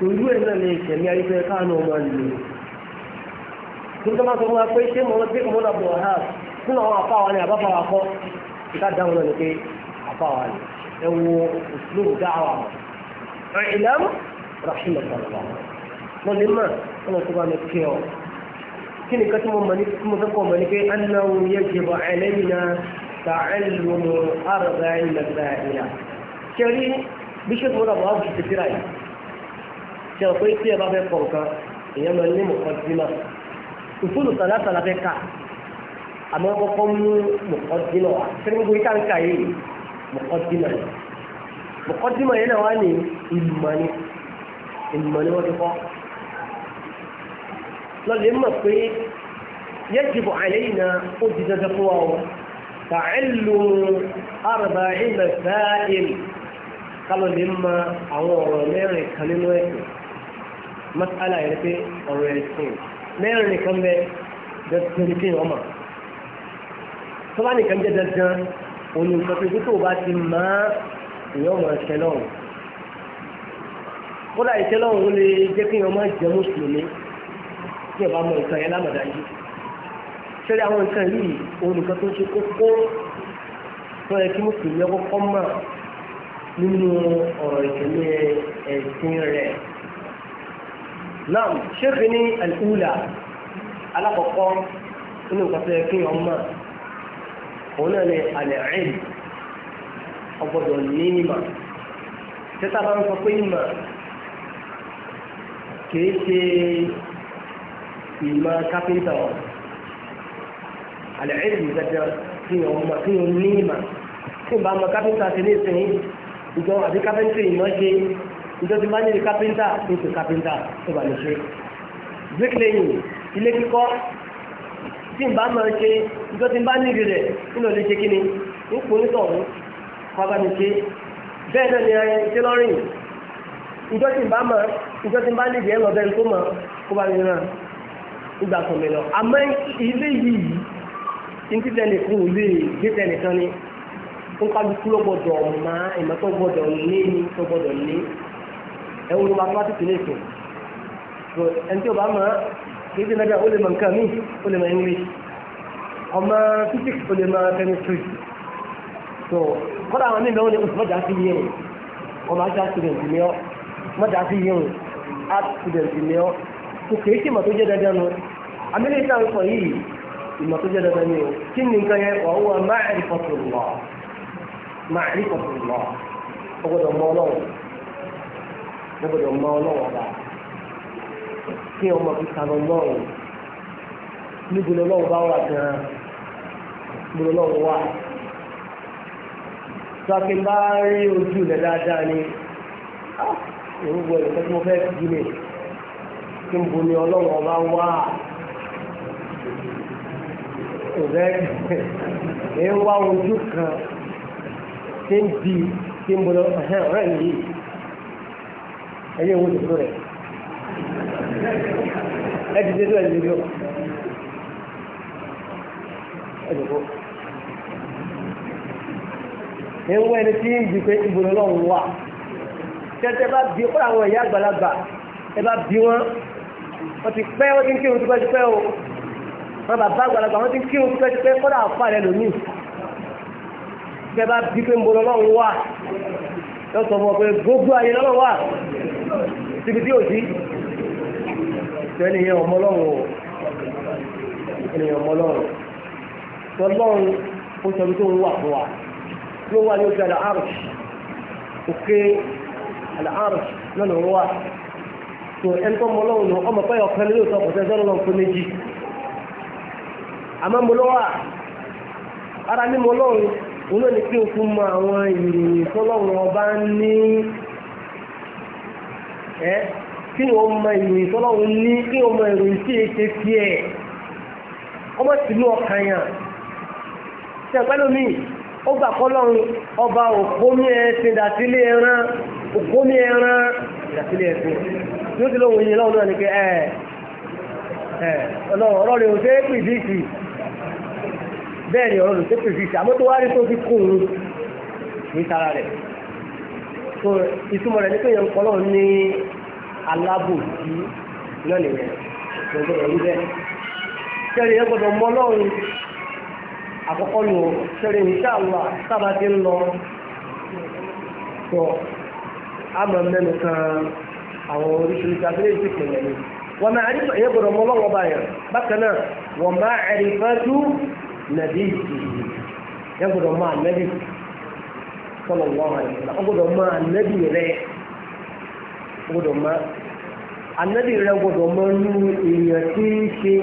S2: كل يوم ليس يعني كانوا مالين nígbà máa sọ fún wa pé ṣé mo lọ sí ìmúlò àbúrò ha nínú àwọn àfa wa ni àbáfa wa kọ́ ìka dáhùn náà ni pé àfa wa ni ẹ wo òṣèlú dáhà wa ìlànà rahim ọ̀sán mo lè mọ̀ ọmọ tó bá mi kí ọ kí ni kátó mo fẹ́ kọ́ mọ̀ ni pé anáwó yẹ jẹ̀bọ̀ ẹlẹ́yìn náà تعلم أربع مسائل شري بشكل ولا بعض الفكرة شرطيتي يا بابا قولك هي من المقدمة òfúlù sàlátà la fẹ́ kà àmọ́ kọ́kọ́ mú mọ̀kọ́dínà wa sẹ́ni gbogbo ìta ń kà yìí mọ̀kọ́dínà yìí mọ̀kọ́dínà yìí náà wà ní ìlùmọ̀ni ìlùmọ̀ni wọ́n ti kọ́ lọ́lẹ̀ mọ̀ pé يجب علينا قد تقواه تعلم أربع مسائل قالوا لما أو ميري كلمة مسألة يعني أو رسول mẹ́rin nìkan bẹ dandan ní kéèyàn mọ̀ tó bá nìkan jẹ́ dandan òun ní nǹkan pé tó bá ti mọ̀ èèyàn mọ̀ ẹ̀ṣẹ̀ náà kódà ìṣẹ́ náà òun lè jẹ́ kéèyàn mọ̀ jẹ́ mùsùlùmí tí ẹ̀ bá mọ̀ ìtàn yẹn lámọ̀dá yìí ṣẹlẹ̀ àwọn nǹkan yìí òun nìkan tó ṣe kókó tó yẹ kí mùsùlùmí ọkọ̀ kọ́ mọ̀ nínú ọ̀rọ̀ ìṣẹ̀lẹ̀ ẹ̀sìn rẹ̀ náà ṣéèkì ní àlùkùlà alákọ̀ọ́kọ́ nínú nǹkan tó yẹ kí wọ́n mọ̀ òun náà ni àlẹ́ ẹ̀ẹ́d ọgbọ́dọ̀ ní ìmọ̀ tẹ́tà bá ń sọ pé ìmọ̀ kìí ṣe ìmọ̀ kápẹ́ńtà ọ̀ àlẹ́ ẹ̀ẹ́d ìdájọ́ kí wọ́n mọ̀ kí wọ́n ní ìmọ̀ tí ìbá mọ̀ kápẹ́ńtà ti ní ìsìn ìjọ àti kápẹ́ńtà ìmọ̀ ṣe ìjọ ti máa ń yẹ kápẹ́ńtà ní ti kápẹ́ńtà tó bá lè ṣe bricklaying ilé kíkọ́ tí n bá máa ṣe ìjọ ti bá níbi rẹ̀ nínú ilé ṣe kíni ń pò ní tọ̀hún pápá mi ṣe bẹ́ẹ̀ náà ni ẹ ṣe lọ́rìn ìjọ ti bá máa ìjọ ti bá níbi ẹ̀ lọ bẹ́ẹ̀ tó mọ̀ kó bá mi ràn ìgbà kan mi lọ àmọ́ ilé yìí ní títẹ̀ nìkan ò lè gbé tẹ̀ nìkan ni ó kájú kúlọ̀ gbọ́dọ̀ ẹ̀wọ̀n ní mathematics ní ètò ẹni tí ó bá mọ̀ kìí ṣe lẹ́gbẹ̀ẹ́ ó lè mọ̀ nǹkan míì ó lè mọ̀ English ọmọ physics ó lè mọ̀ chemistry so kọ́dà àwọn mímọ́ ní oṣù mọ́jà sí yẹn ọmọ ajá student ni ọ́ mọ́jà sí yẹn art student ni ọ́ kò kìí ṣe ìmọ̀ tó jẹ́ dandan nu amílẹ̀ ìta ń sọ yìí ìmọ̀ tó jẹ́ dandan ni o kí ni nǹkan yẹn wà wọ́n máa rí fọ́tò lọ máa rí fọ́tò lọ ọgbọ́dọ̀ mọ́ ọlọ́run wọ́n gbọ́dọ̀ mọ ọlọ́wọ́ bá kí ọmọ fi kàlọ́ lọ́rùn níbi lọ́wọ́ bá wà gan-an níbi lọ́wọ́ wà. sọ́kì bá rí ojú rẹ̀ dáadáa ni òun gbọ́ ìrẹsẹ́ tí mo fẹ́ jí mi kí n bu ni ọlọ́wọ́ bá wà. òbẹ́ ẹ̀ ń wá ojú kan tí ń bi tí ń bọ̀ ọ̀rẹ́ mi yìí ẹyẹ owó tuntun rẹ̀ ẹ ti dé tó ẹ ti dé tó ẹ ti kó ẹ ń wọ ẹni tí ń di pé ìbòrò ọlọ́run wà tẹ́tẹ́ bá bí kó àwọn ẹ̀yà àgbàlagbà ẹ bá bí wọn wọ́n ti pẹ́ wọ́n ti ń kírun tipẹ́tipẹ́ o wọ́n bàbá àgbàlagbà wọ́n ti ń kírun tipẹ́tipẹ́ kọ́dà àfa rẹ lòmíì tẹ́ bá bí pé ìbòrò ọlọ́run wà yóò sọ fún ọ pé gbogbo ayé lọ́wọ́ wà síbi tí ò sí tẹ́niyàn ọmọ lọ́wọ́ ènìyàn ọmọ lọ́wọ́ tọ́lọ́run ó sọ bí tó ń wà fún wa ló wà ní oṣù àlàárùsì òkè àlàárùsì lọ́nà wà tó ẹni tó mọ lọ́wọ́ lọ ọmọ pẹ́yọ kan ló sọ kọ̀ọ̀tẹ́ sọ́nà lọ́wọ́ fún méjì àmọ́ mo ara ní mo òun náà ni kí o fún mọ àwọn ìròyìn tọ́lọ́run ọba ní ẹ́ kí o mọ ìròyìn tọ́lọ́run ní kí o mọ ìròyìn tí èké fi ẹ̀ ọmọ tìlú ọkàn yàn ṣe àgbẹ́lómi ó gbà kọ́lọ́run ọba òkómi ẹ̀sìn dàtílé ẹran òkómi ẹran dàtílé ẹ̀sìn yóò ti lóhun yìí lọ́wọ́ náà ni pé ẹ̀ ẹ̀ ọlọ́run ọlọ́run bẹ́ẹ̀ ni ọ̀rọ̀ lòsẹ́pẹ̀ fi ṣe àmọ́ tó wá rí tó fi kún un ní tara rẹ̀ tó ìtumọ̀ rẹ̀ ní pé yẹn kọ́lọ́ ní alábòsí náà nìyẹn gbogbo ẹ̀rú bẹ́ẹ̀ sẹ́rí yẹn gbọ́dọ̀ mọ lọ́rùn àkọ́kọ́ lò sẹ́rí ìṣàlùwà sábà ti ń lọ tó àmọ́ mẹ́nu kan àwọn oríṣiríṣi abẹ́rẹ́ ìṣèpìlẹ̀ ni wọ́n máa rí yẹn gbọ́dọ̀ mọ lọ́wọ́ báyẹn bákan náà wọ́n máa ẹ̀rí fẹ́ nàbí ìsìnkú ẹ gbọ́dọ̀ máa nẹ́bí sọlọ wọn wà nípa ọ gbọ́dọ̀ máa nẹ́bí rẹ ọ gbọ́dọ̀ máa anẹ́bí rẹ gbọ́dọ̀ máa lu èèyàn tí í ṣe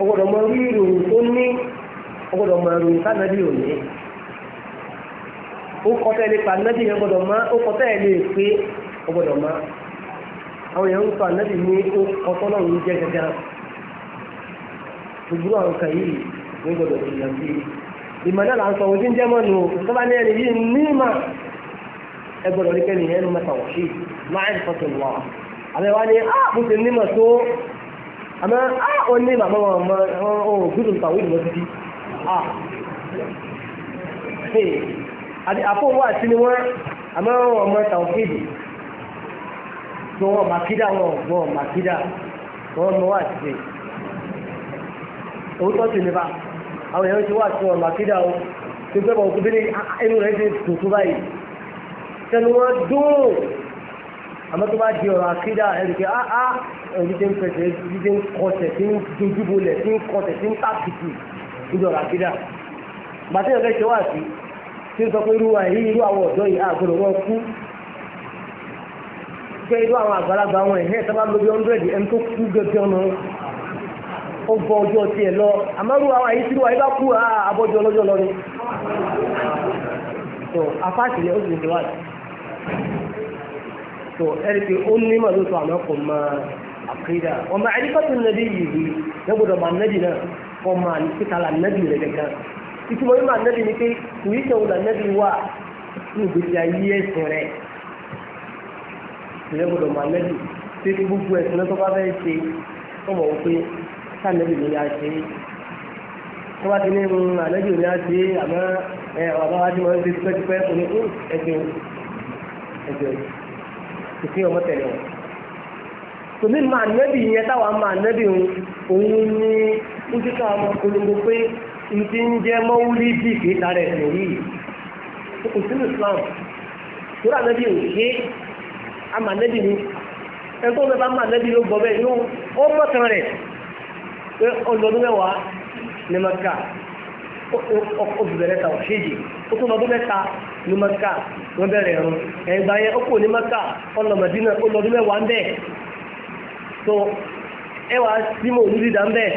S2: ọ gbọ́dọ̀ máa rí ìròyìn tó ní ọ gbọ́dọ̀ máa ròyìn sánẹ́bí òní ó kọ́tẹ́ lè pa anẹ́bí rẹ gbọ́dọ̀ máa ó kọ́tẹ́ lè pé ọ gbọ́dọ̀ àwọn èèyàn ń sọ anẹ́bí ní ó kọ́tọ́ náà ń jẹ́ gẹ́gẹ́ gbogbo àwọn kan yìí ní gbọdọ̀ ìyà sí là ń sọ ojú ń jẹ́ mọ́nu tó ẹni yìí ní ìmọ̀ ẹ gbọdọ̀ rí ẹnu mẹ́ta wọ̀ sí máa ń fọ́tò wà àmọ́ ni a ah, mo ti nímọ̀ tó àmọ́ a ah, ò ní ìmọ̀ àwọn ọmọ ọmọ gbúdùn tàwé ìmọ̀ títí a àti àfọwọ́ àti ni wọ́n àmọ́ ọmọ tàwé tó wọn màkídà wọn wọn màkídà wọn mọ wá àti ṣe òótọ́ sí àwọn èèyàn ti wá sí ọ̀nà àkídà o tó fẹ́ bọ̀ òkú délé inú rẹ̀ ti tuntun báyìí tẹnu wọn dùn àmọ́ tó bá di ọ̀rọ̀ àkídà ẹ̀rù pé áá ẹ̀rù ti ń pẹ̀sẹ̀ ẹ̀rù ti ń kọsẹ̀ ti ń dojú bolẹ̀ ti ń kọsẹ̀ ti ń tàkìtì níbi ọ̀rọ̀ àkídà bàtẹ́ ìrọ̀lẹ́ ṣe wá sí tí ó sọ pé irú àyí irú àwọn ọ̀dọ́ yìí àgbọ̀dọ̀ wọn kú pé irú àwọn àgbàlagbà wọn ẹ̀hẹ́ sábà lóbi 100 ẹni tó kú gẹ́gẹ́ ọ̀nà ó bọ ọjọ́ tiẹ̀ lọ àmọ́rú àwọn àyè tí wọ́n bá kú àbọ̀jọ́ ọlọ́jọ́ lọ ni. tó apáàtì yẹn ó sì ń wá sí. tó ẹni pé ó ní màlúù tó àmọ́ kò mọ àkídà ọmọ àdìpọ́tò nàbí yìí yìí lọ́gbọ̀dọ̀ mọ anábì náà kọ́ mọ àníkítà lànàbì rẹ̀ kankan. ìtumọ̀ yìí mọ anábì ni pé kò í sẹ́wọ́n lànàbì wà ní ìgbésí ayé ẹ̀sìn rẹ̀ lọ́gbọ̀dọ̀ mọ anábì pé gbogbo ẹ̀sìn náà tó bá fẹ́ ṣe ọmọ òfin sànẹ́bì ló yá ṣe tó bá ti ní mu àlẹ́bì ló yá ṣe àmọ́ ẹ ọ̀bá wa ti mọ̀ ní tipẹ́tipẹ́ kò ní ẹgbẹ́ ẹgbẹ́ ìpín ọmọ tẹ̀lé wọn. tòmí ma ànẹ́bì yẹn táwa ma ànẹ́bì òun ní ń ti ká ọmọ polongo pé n ti ń jẹ́ mọ́wúlí dì kí lára ẹ̀sìn yìí kò sínú Islam tó rà ànẹ́bì ò ṣe àmà ànẹ́bì ni ẹgbẹ́ òun bá ma ànẹ́bì ló gbọ́ bẹ́ẹ̀ yóò ó mọ̀ tán rẹ̀ pé ọdún mẹ́wàá ní maka ó bẹ̀rẹ̀ ta òṣèjì ó tún lọ́dún mẹ́ta ní maka wọ́n bẹ̀rẹ̀ ẹ̀rùn ẹ̀gbà yẹn ó kò ní maka ọlọ́mọdínà ó lọ́dún mẹ́wàá ń bẹ̀ tó ẹwà símò onídìdá ń bẹ̀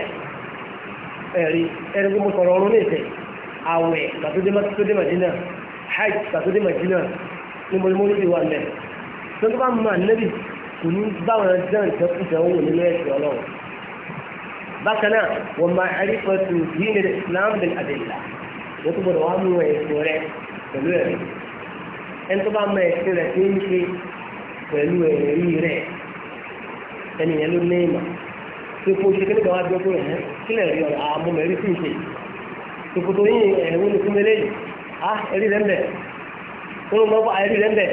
S2: ẹ̀rí ẹni tó mo sọ̀rọ̀ ọ̀run ní ìfẹ́ àwẹ̀ gbàtúndé màdínà hajj gbàtúndé màdínà ní mo ní mo ní ìwà mẹ́ tó tó bá mọ ànẹ́bì kò ní báwọn ẹ̀dá bákan náà wọ́n máa àríkọ́ tó dín ní islam bin adéla wọ́n tó gbọ́dọ̀ wá mú ẹ̀sìn rẹ pẹ̀lú ẹ̀rí ẹni tó bá mọ ẹ̀sìn rẹ tó ń ṣe pẹ̀lú ẹ̀rí rẹ ẹni yẹn ló ní ìmọ̀ tó kó ṣe kékeré wá bí ó tó yẹn kílẹ̀ rí ọ̀rọ̀ àmọ́ mẹ́rí sì ń ṣe tòkòtò yìí ẹ̀wọ́n ní fún mi lẹ́yìn á ẹ̀rí rẹ̀ ń bẹ̀ tó ló ń bọ́ ẹ̀rí rẹ̀ ń bẹ̀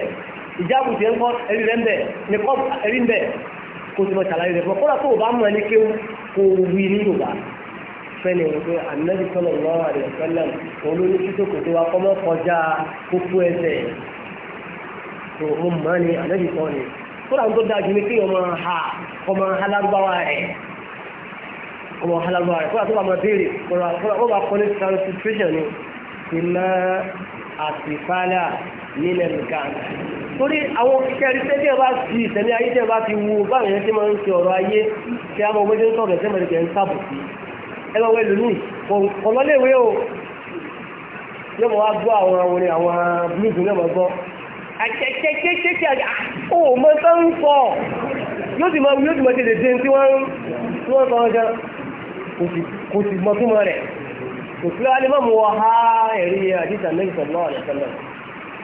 S2: ìjáàbù tiẹ̀ ń kọ́ ẹ̀rí rẹ̀ ń bẹ̀ ní kọ́ ń bẹ̀ kó tó lọ ṣàlàyé rẹ̀ fún ọ kó wí ní yorùbá fẹ́ni wípé anabi sallallahu alaihi wasallam òun ló ní títí kò tó wa kọ́ mọ́ kọjá kókó ẹsẹ̀ tó o mọ̀ ni anabi sọ ni kódà ń tó dáa jù ní kí ọmọ ha ọmọ alágbáwa rẹ̀ ọmọ alágbáwa rẹ̀ kódà tó bá ma béèrè kódà ó bá kọ́ ní transliteration ni ìmọ̀ àtìfálà nílẹ̀ nìkan torí àwọn kẹrin tẹ́ tẹ́ bá fi ìtẹ̀lé ayé tẹ́ bá fi wu báwọn yẹn tí máa ń fi ọ̀rọ̀ ayé tí a máa wọ́n jẹ́ sọ̀rọ̀ tẹ́ kẹ́ ń sábò sí ẹ lónìí kọ̀ọ̀lọ́lẹ́wé o yóò wá gbọ́ àwọn àwọn àwọn blues náà gbọ́ àkẹ́kẹ́kẹ́kẹ́ ó mọ́ tó ń pọ̀ yóò sì máa yóò sì dé tí wọ́n tí wọ́n sọ ọjọ́ kò sì mọ́ túmọ̀ rẹ̀ kò sí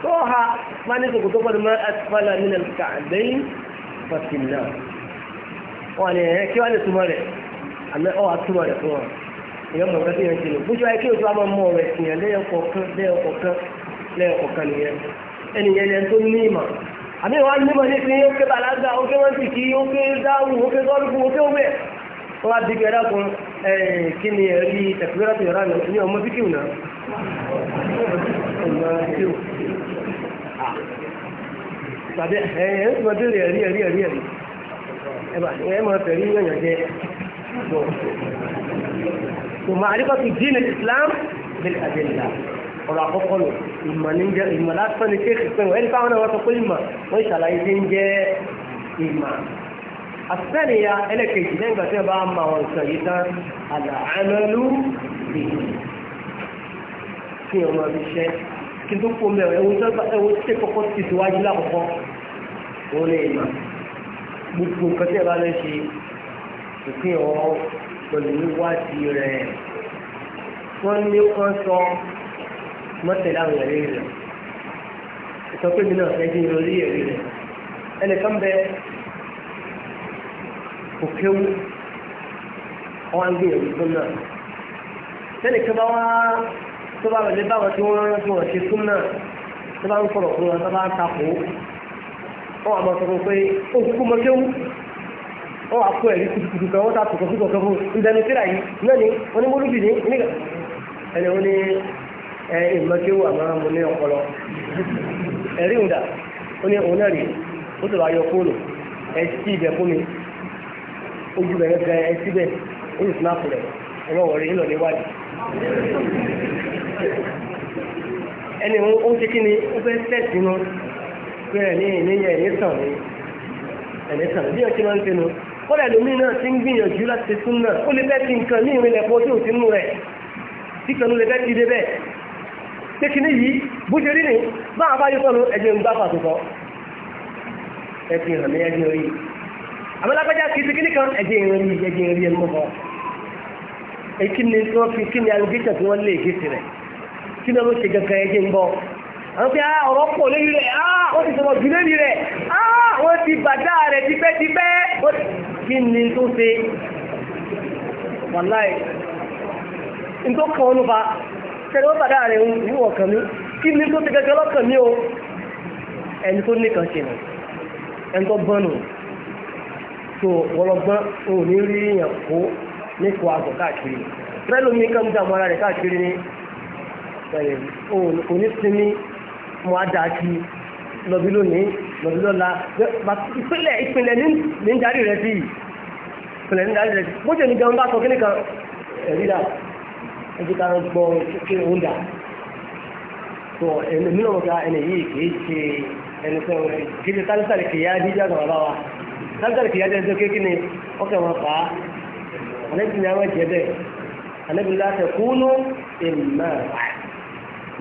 S2: tọ́ ha ma ní sọ̀kò tó gbọ́dọ̀ asfala min al-ka'bayn fasinna wọ́n ni ẹ̀yẹ kí wọ́n lè túmọ̀ rẹ̀ àmì ọ̀ àtúmọ̀ rẹ̀ fún wọn ìyọ́n mọ̀ gbẹ́sẹ̀ yẹn ti lò bójú mawa kí ojú àmọ́ mọ́ rẹ̀ sì yẹn lẹ́yọkọ̀ọ̀kan lẹ́yọkọ̀ọ̀kan nìyẹn ẹni yẹn lẹ́yìn ya ní ìmọ̀ àmì wọn nímọ̀ ní pé ó ké oke ó ya. tàbí ẹ̀yẹ ń sọ délé ẹ̀rí ẹ̀rí ẹ̀rí ẹ̀rí ẹ̀bà ẹ̀yẹ máa tẹ̀rí yọ̀yàn jẹ tó tó máa rí kọ́tù dín islam bẹ́ẹ̀ àdéhùn ọ̀rọ̀ àkọ́kọ́ nù ìmọ̀ ní jẹ́ ìmọ̀ lásán ni kéèkì pé wọ́n ẹni káwọn náà wọ́n sọ pé ìmọ̀ wọ́n ìṣàlàyé ti ń jẹ́ ìmọ̀ àtẹ́nìyà ẹlẹ́kẹ̀jì lẹ́yìn ìgbà tí wọ́n bá ma yìí tán àlà àmẹ́lú bìí fi ọmọ ibi iṣẹ́ kí n tó kó mẹ́rin ẹ̀wọ̀n tó ẹ̀wọ̀n tó kọ́kọ́ ti síwájú lákọ̀ọ́kọ́ òun lè mà gbogbo nǹkan tẹ́ ẹ bá lọ ṣe òfin ọ̀rọ̀ pẹ̀lú wíwádìí rẹ̀ wọ́n ní wọ́n sọ mọ́tẹ̀lá àwọn ẹ̀rí rẹ̀ ìtọ́ pé mi náà fẹ́ jí lórí ẹ̀rí rẹ̀ ẹnìkan bẹ kò kéwú ọwọ́ ń tó náà tẹ́nìkan bá wá tó bá wẹ̀lé báwọn tí wọ́n rántí wọn ṣe fún náà tó bá ń sọ̀rọ̀ fún wọn tó bá ń takò ó wà máa sọ fún pé ó kú mọ kéwú ó wà kó ẹ̀rí kudukudu kan wọ́n ta tòkọ̀ fún kọ̀ọ̀kan fún ìdẹnu síra yìí náà ni onímọ̀lúbì ní oníkà ẹni ó ní ẹ ìmọ̀ kéwú àmọ́ mo ní ọpọlọ ẹ̀rí ìdà ó ní òun náà rèé ó sì wá yọ fóònù ẹ sí ibẹ̀ fún mi ojú rẹ̀ gẹ́gẹ́ ẹ síbẹ̀ ó sì snap rẹ̀ ẹ̀rọ wọ̀rẹ́ ńlọ níwájú ẹni ó ń ṣe kí ni ó fẹ́ tẹ̀sí nu pé ẹ̀ní ìníyẹ ẹ̀ní sàn ní ẹ̀ní sàn bí ọtí máa ń tẹnu kọ́lá ẹlòmí náà ti ń gbìyànjú láti tún náà ó lè fẹ́ ti nǹkan ní ìrìnlẹ̀ pọ̀ tí ò ti mú rẹ̀ tí kanú lè fẹ́ ti dé bẹ́ẹ̀ pé kí ni yìí bó ṣe rí ni bá àbáyọ sọ̀rọ̀ ẹ̀jẹ̀ ń gbá pàtó ẹ̀sìn hàn ní kí náà ló ṣe kankan ẹjẹ́ ń bọ́ àwọn pé ah, ọ̀rọ̀ pọ̀ lórí rẹ̀ ah, wọ́n ti sọ̀rọ̀ jù lórí rẹ̀ ah, wọ́n ti bàdá rẹ̀ tipẹ́tipẹ́ kí ni tó ṣe wàláì nítorí kan ọ̀nù fa ṣẹlẹ̀ wọ́n bàdá rẹ̀ ń wọ̀ kàn mí kí ni tó ṣe kankan lọ́kàn mí o ẹni tó nìkan ṣe nù ẹni tó gbọ́n nù tó wọlọgbọ́n òun ní rí èèyàn kó ní kó àgọ̀ káàkiri rẹ́lómi kan dààmú ara rẹ̀ káàkiri ni ẹ̀rẹ̀ kò ní sinmi mo á dáa kí lọ́bí lónìí lọ́bí lọ́la ìpínlẹ̀ ìpínlẹ̀ ní ń darí rẹ̀ sí ìpínlẹ̀ ní ń darí rẹ̀ sí bó jẹ́ ní gan bá sọ kí nìkan ẹ̀rí dà ẹjú ká ń gbọ́ kí òun dà tó ẹni mí lọ́wọ́ ká ẹni yìí kìí ṣe ẹni tó ń kí ṣe tálítàlì kìyà ni ọkẹ́ wọn fà á ni àwọn jẹ bẹ́ẹ̀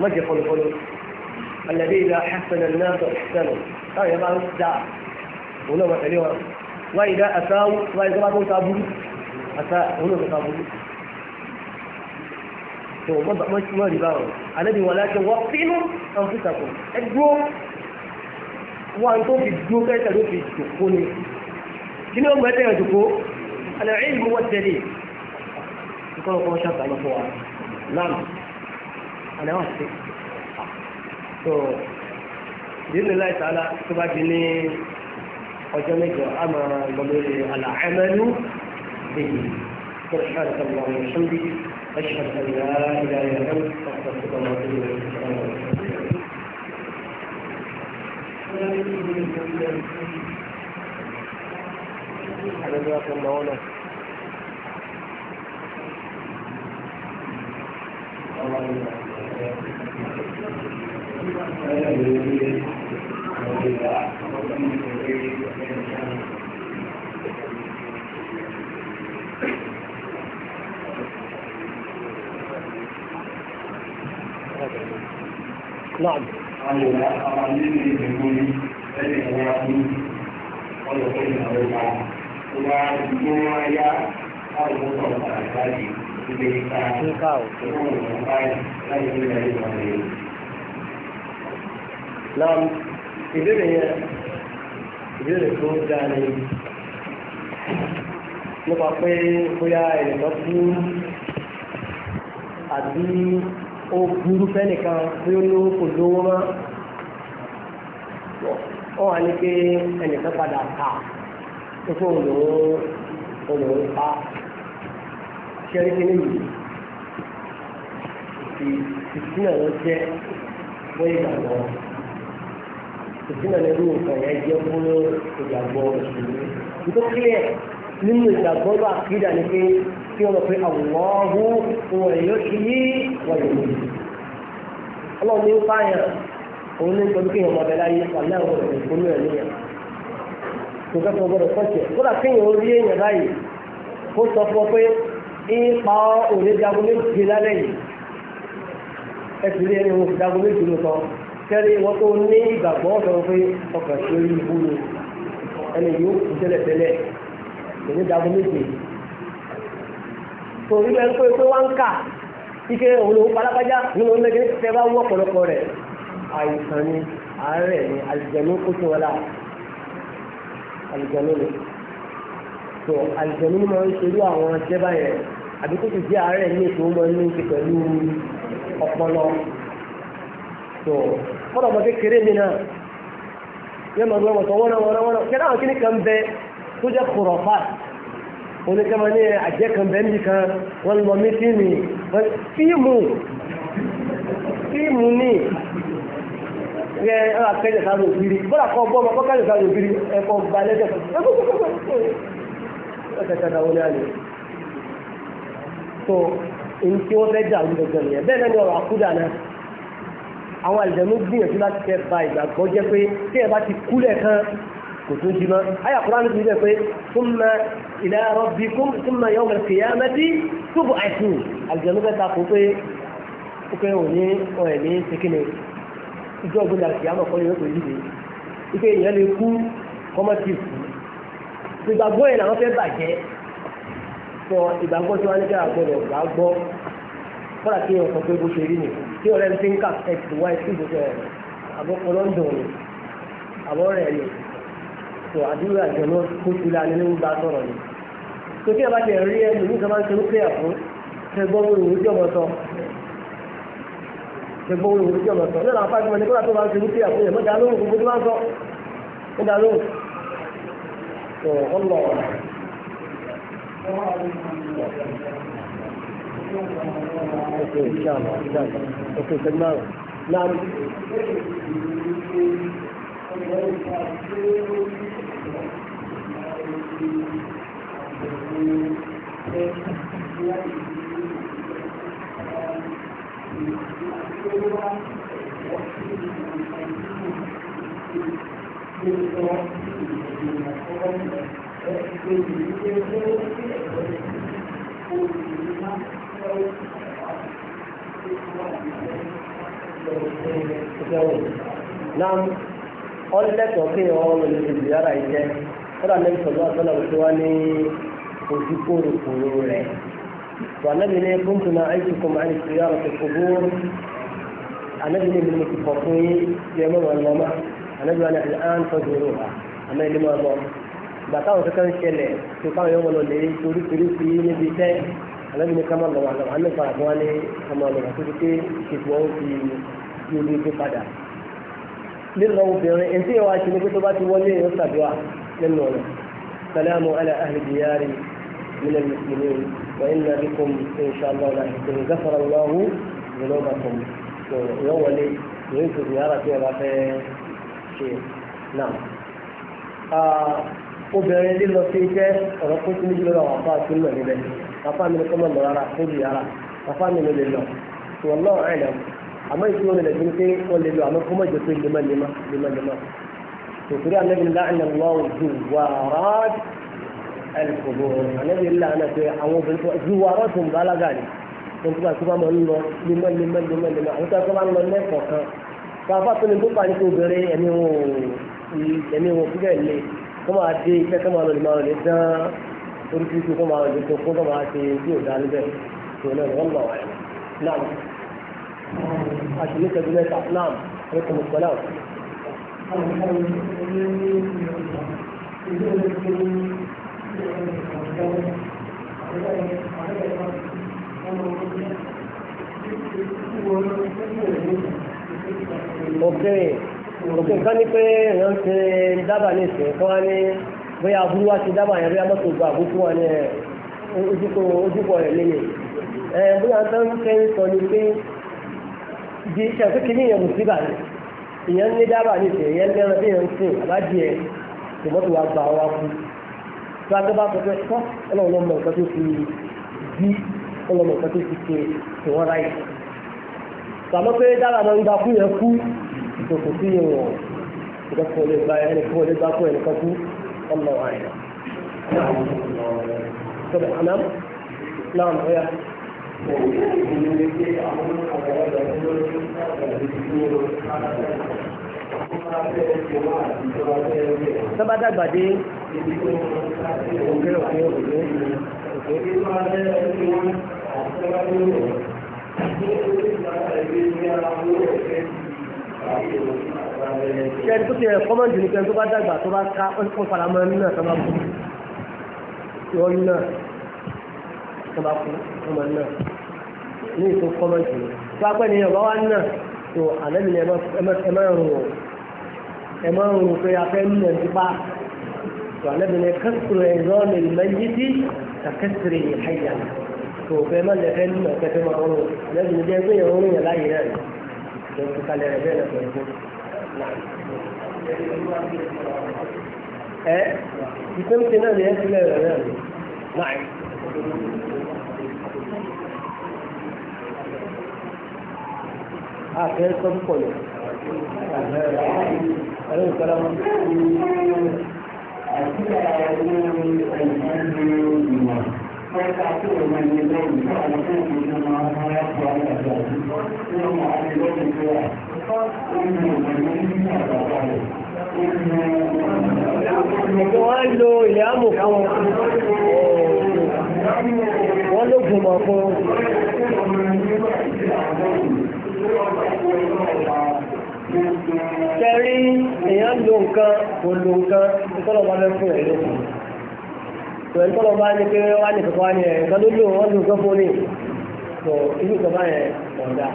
S2: mọ́jẹ̀ kọlùkọlù alẹ́bí ìlà hasanà náà tó sẹ́nu táwọn yẹn bá ń dà òun náà mọ̀tẹ́lẹ́ wọn wáyé dá àtàwọn wáyé tó bá tó ń ta burú àtà òun náà tó ta burú tó mọ́ rí báwọn alẹ́bí wọn láti wọ́n fínú àwọn fúsàkùn ẹ dúró wọn tó fi dúró kẹ́kẹ́ ló fi jòkó ni kí ni ó mọ̀ ẹ́ tẹ̀yẹ̀ jòkó alẹ́ ìlú wọn tẹ̀lé ìkọlọ́kọ́ ṣàtàlọ́fọ́ wa náà àná wọn ṣe so ìdílé láì sàlá tó bá di ní ọjọ́ mẹ́jọ a máa lọ lórí àlàámẹ́lú bèyí tó ṣàlẹ̀ tó lọ àwọn ìṣúndí أشهد أن لا إله إلا أنت أستغفرك وأتوب
S1: إليك السلام عليكم.
S2: ìlà àwọn ilé ìgbìmọ̀ ní ẹ̀yìn ìwé àkúrú
S1: ọ̀dọ̀ tó ìlà ọ̀gá tó bá tó wá yá láwọn ọ̀gá ọ̀gá àgbáyé ìgbè ìta tó wọ́n wọ̀ báyìí láti ilé ẹ̀yìn ìwà rẹ̀.
S2: Nam ìbéèrè yẹn ìbéèrè tó dáa ni nípa pé bóyá ẹ̀yìn lọ́kú àbí ó burú fẹ́nìkan bí ó lówó kò lówó mọ́ ó wà ní pé ẹnìkan padà ta ó fún òun òun pa ṣẹ́rí kí nìyí ìsìnà ló jẹ́ wọ́n ìgbàgbọ́ ìsìnà lórí nǹkan yẹn jẹ́ fún ìgbàgbọ́ òṣèlú nítorí nínú ìgbàgbọ́ bá kídà ni pé kí wọ́n lọ pé àwòránwó wọn èèyàn ti yí wọ́n yẹ̀ wọ́n. ọlọ́run ní fáyà òun ní pẹ̀lú kí ọmọ abẹ́lá yé wà náà wọ́n rẹ̀ fún ẹ̀ níyà. kò kẹ́kẹ́ wọ́n gbọ́dọ̀ pọ̀jẹ̀ kódà kéèyàn rí èèyàn báyìí kó sọ fún ọ pé ipa òní jagun méjì lálẹ́ yìí ẹ ti rí ẹni wọn fi jagun méjì lọ sọ kẹ́rí wọn tó ní ìgbàgbọ́ sọ pé ọkàn tó ibẹ̀ ń pè pé wá ń kà ike òun òun palápájá ní òun lẹ́gẹ́ tẹ́ bá wọ́ ọ̀pọ̀lọpọ̀ rẹ̀ àìsàn ni àárẹ̀ ni àlìjẹ̀mí kó tó wọlá àlìjẹ̀mí ni tó àlìjẹ̀mí ni máa ń ṣerú àwọn ọjẹ́ báyẹn àbí kó tó jẹ́ àárẹ̀ ní ètò ọmọ inú ti pẹ̀lú ọpọlọ tó fọ́nà ọmọ kékeré mi náà yẹ́n máa ń wọ́n wọ́n wọ́n wọ́n wọ́n kẹ́lá oníkẹ́mọ ní àjẹ́ kan bẹ́ẹ̀ nìyí kan wọ́n lọ mítíìnì fíìmù fíìmù ní ẹ ẹ kẹ́jẹ̀ sáré òbírí bọ́lá kan bọ́ ọmọ kọ́ kẹ́jẹ̀ sáré òbírí ẹ̀kọ́ ba lẹ́jẹ̀ ẹ̀kẹ́kẹ́kẹ́ wọlé àlè tó èyí tí wọ́n fẹ́ dà ń gbẹ̀gbẹ̀ nìyẹn ni ọ̀rọ̀ àkúdà náà àwọn àlùjẹ̀mú gbìyànjú láti fẹ́ ba ìgbàgbọ́ jẹ́ pé tí ẹ bá ti kú lẹ̀ kan kò tún jí mọ́ ayà kúránì ti bẹ̀ pé thumma ila rabbikum thumma yawm al-qiyamati tub'athun àlùjànnú bẹ́ẹ̀ ta kó pé ó pé òní ọ̀rẹ́ ní sekínì ìjọ ògbóni àlùkìyàmọ̀ kọ́ ni yóò tó yí de ike ìyẹn lè kú kọ́mọ́tì kù ìgbàgbọ́ yẹn làwọn fẹ́ bàjẹ́ sọ ìgbàgbọ́ tí wọ́n ní kí àgbọ̀dọ̀ gbàgbọ́ kọ́lá ni tó àdúrà ìjọba kó tu la nínú bá sọ̀rọ̀ ni tó tí a bá ti rí ẹ lòun kan máa ń ṣe lókè àfún ṣe gbọ́ wọ́n lòun jọ̀mọ̀ sọ ṣe gbọ́ wọ́n lòun jọ̀mọ̀ sọ lọ́la apá ìgbọ̀n ní kóra tó máa ń ṣe lókè àfún yẹn mọ́ta lóhùn gbogbo tó máa ń sọ ó dá lóhùn tó ọ lọ. Okay, inshallah, inshallah. Okay, Sajmaro. Now, Nam, ọlẹ́tọ̀ọ́ kí ọ̀rọ̀ lè fi ìyára ìjẹ́ kọ́dà lẹ́yìn pẹ̀lú àtọ́nà tó wá ní ojú kóró kóró rẹ̀ wà lẹ́bi ní kúntù náà àìsí kò máa ń ṣe yára tó kó bóor àlẹ́bi ní mímú ti kọ̀ọ̀kọ́ yín yẹ mọ́ wọn lọ́mọ́ àlẹ́bi wà ní àlẹ́hàn tó dúró wa àmọ́ ẹni máa lọ bàtà òun kankan ṣẹlẹ̀ tó káwọn yẹn wọn lọ lè torí torí fi níbi tẹ́ àlẹ́bi ní kámá lọ́wọ́ àlọ́ nínú ọ̀nà على أهل ahli من min al بكم إن شاء الله insha allah الله yakun ghafara لي من so yóò wọlé yóò tó ziyara tí a bá fẹ́ ṣe náà obìnrin lílọ sí iṣẹ́ ọ̀rọ̀ kó sí méjì lọ́wọ́ àwọn afá àti ìmọ̀ níbẹ̀ afá mi ni kọ́ mọ̀ rárá kó ziyara afá mi ni lè lọ so wallahu a'lam àmọ́ ìṣòro rẹ̀ lẹ́gbẹ̀ẹ́ pé wọ́n lè lọ àmọ́ kó mọ̀ jẹ́ lemọ́lemọ́ lemọ́lemọ́ nítorí anabi láàánú lọ́wọ́ zuwarat alikobo anabi láàánú pé àwọn obìnrin tó zuwarat ń balaga ni wọn tó bá tó bá mọ ń lọ limọ limọ limọ limọ àwọn tó bá ń lọ lẹ́kọ̀ọ́ kan bàbá tó ní tó pa ní kó obìnrin ẹni wọn ẹni wọn kúkẹ́ lé kó máa dé iṣẹ́ tó máa lọ lè máa dán oríṣiríṣi kó máa lè tó kó máa ṣe bí ò dá níbẹ̀ tó náà wọ́n lọ wáyé náà àti ní kẹbí mẹ́ta náà Ok, ok, kan ní pé èèyàn ṣe dábàá ní ìsìn kan wá ní bóyá aburú wá ti dábàá yẹn bóyá mọ́tò gba àbúkú wá ní ẹ̀ ojúbọ rẹ̀ lélẹ̀ ẹ̀ bóyá tó ń fẹ́ sọ ni pé di ìṣẹ́ kékeré yẹn mùsíbà ni ìyẹn ní dábà ní ìfẹ́ ìyẹn lẹ́ran bí ìyẹn ń sìn àbájì ẹ̀ tòmọ́tò wa gba wa kú tó a gbọ́dọ̀ bá fẹ́ tọ́ ọlọ́run lọ́mọ nǹkan tó fi bí ọlọ́run nǹkan tó fi ṣe ìwọ́n ráyè tàbí pé dábà máa ń gba kú yẹn kú ìtòkò sí yẹn wọ̀ ìdọ́kọ̀ lè gba ẹni fún ọlẹ́ gbá kú ẹni kan kú ọlọ́run àyà. Sọ́dọ̀ àná náà ń bọ́yá tọ́ba dàgbà dé òkè òkè òkè kẹ́ni tó ti ẹ̀kọ́ mọ́jú ní kẹ́ni tó bá dàgbà tó bá ká ó faramọ́ nínú ẹ̀ tó bá kú ìwọ́n nínú ẹ̀ tó bá kú ọmọ náà ní ìtò kọ́mọ̀ jù lọ. tó bá pẹ́ ní ọ̀bá wa náà tó àlẹ́mi ni ẹ máa rùn ọ̀ ẹ máa rùn pé a fẹ́ mú ẹ̀ nípa tó àlẹ́mi ni kẹ́sìrì ẹ̀rọ mi lẹ́yìn tí kẹ́sìrì yìí háyà tó fẹ́ má lẹ́fẹ́ mú ẹ̀ fẹ́ máa rùn àlẹ́mi ni jẹ́ pé ẹ̀rọ mi láyé náà ló ti kalẹ̀ rẹ̀ bẹ́ẹ̀ lọ́pọ̀ ẹ̀ ìpínlẹ̀ náà ni ẹ̀ sílẹ̀ rẹ̀ náà àfẹ́ sọ́dún lọ. Wọ́n lo ilẹ̀ àmù fún wọn. Wọ́n ló gbùmọ̀ fún wọn. Tẹ́rí èèyàn lo nǹkan, kò lo nǹkan, ìtọ́lọ̀ bá fẹ́ fún ẹ̀ lókun. Ìwẹ̀ ìtọ́lọ̀ bá ní pé wá ní ìfọ̀kọ́ ní ẹ̀ nǹkan ló lò wọ́n lo nǹkan fún ní. Sọ ibi ìjọba yẹn ọ̀dà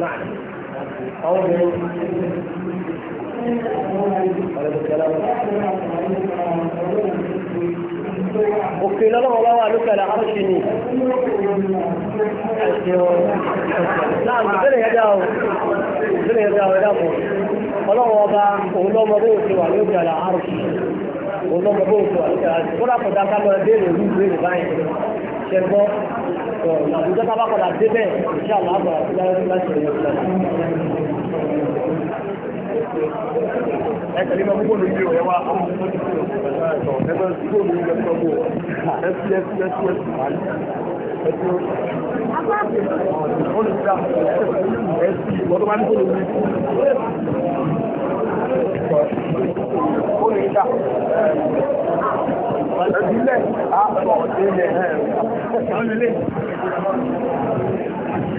S2: náà. Àwọn obìnrin. Ọ̀rẹ́ bùkẹ́lá òfin lọ́lọ́wọ́ bá wà lókè àlà àrùsì ni náà ìbẹ̀rẹ̀ yẹn dá o ìbẹ̀rẹ̀ yẹn dá o ẹ̀dá bọ̀ ọlọ́wọ́ ọba òun lọ́mọ bó ti wà lókè àlà àrùsì òun lọ́mọ bó ti wà lókè àlà àrùsì kódà kọjá débẹ̀ ìṣàlá àbọ̀ àti láti ṣe ẹ̀kẹ̀lẹ́ máa púpọ̀ lórí ìwẹ̀ wá ọmọ ẹgbẹ́ ìgbò lórí ìgbẹ́ ìgbẹ́ ẹ̀sì ẹ̀sì ẹ̀sì ẹ̀sì
S1: máa olùdá ẹ̀sì ìwọ̀n tó bá ní kó lórí olùdá ẹ̀sìlẹ̀ àpọ̀ ilẹ̀ ẹ̀rọ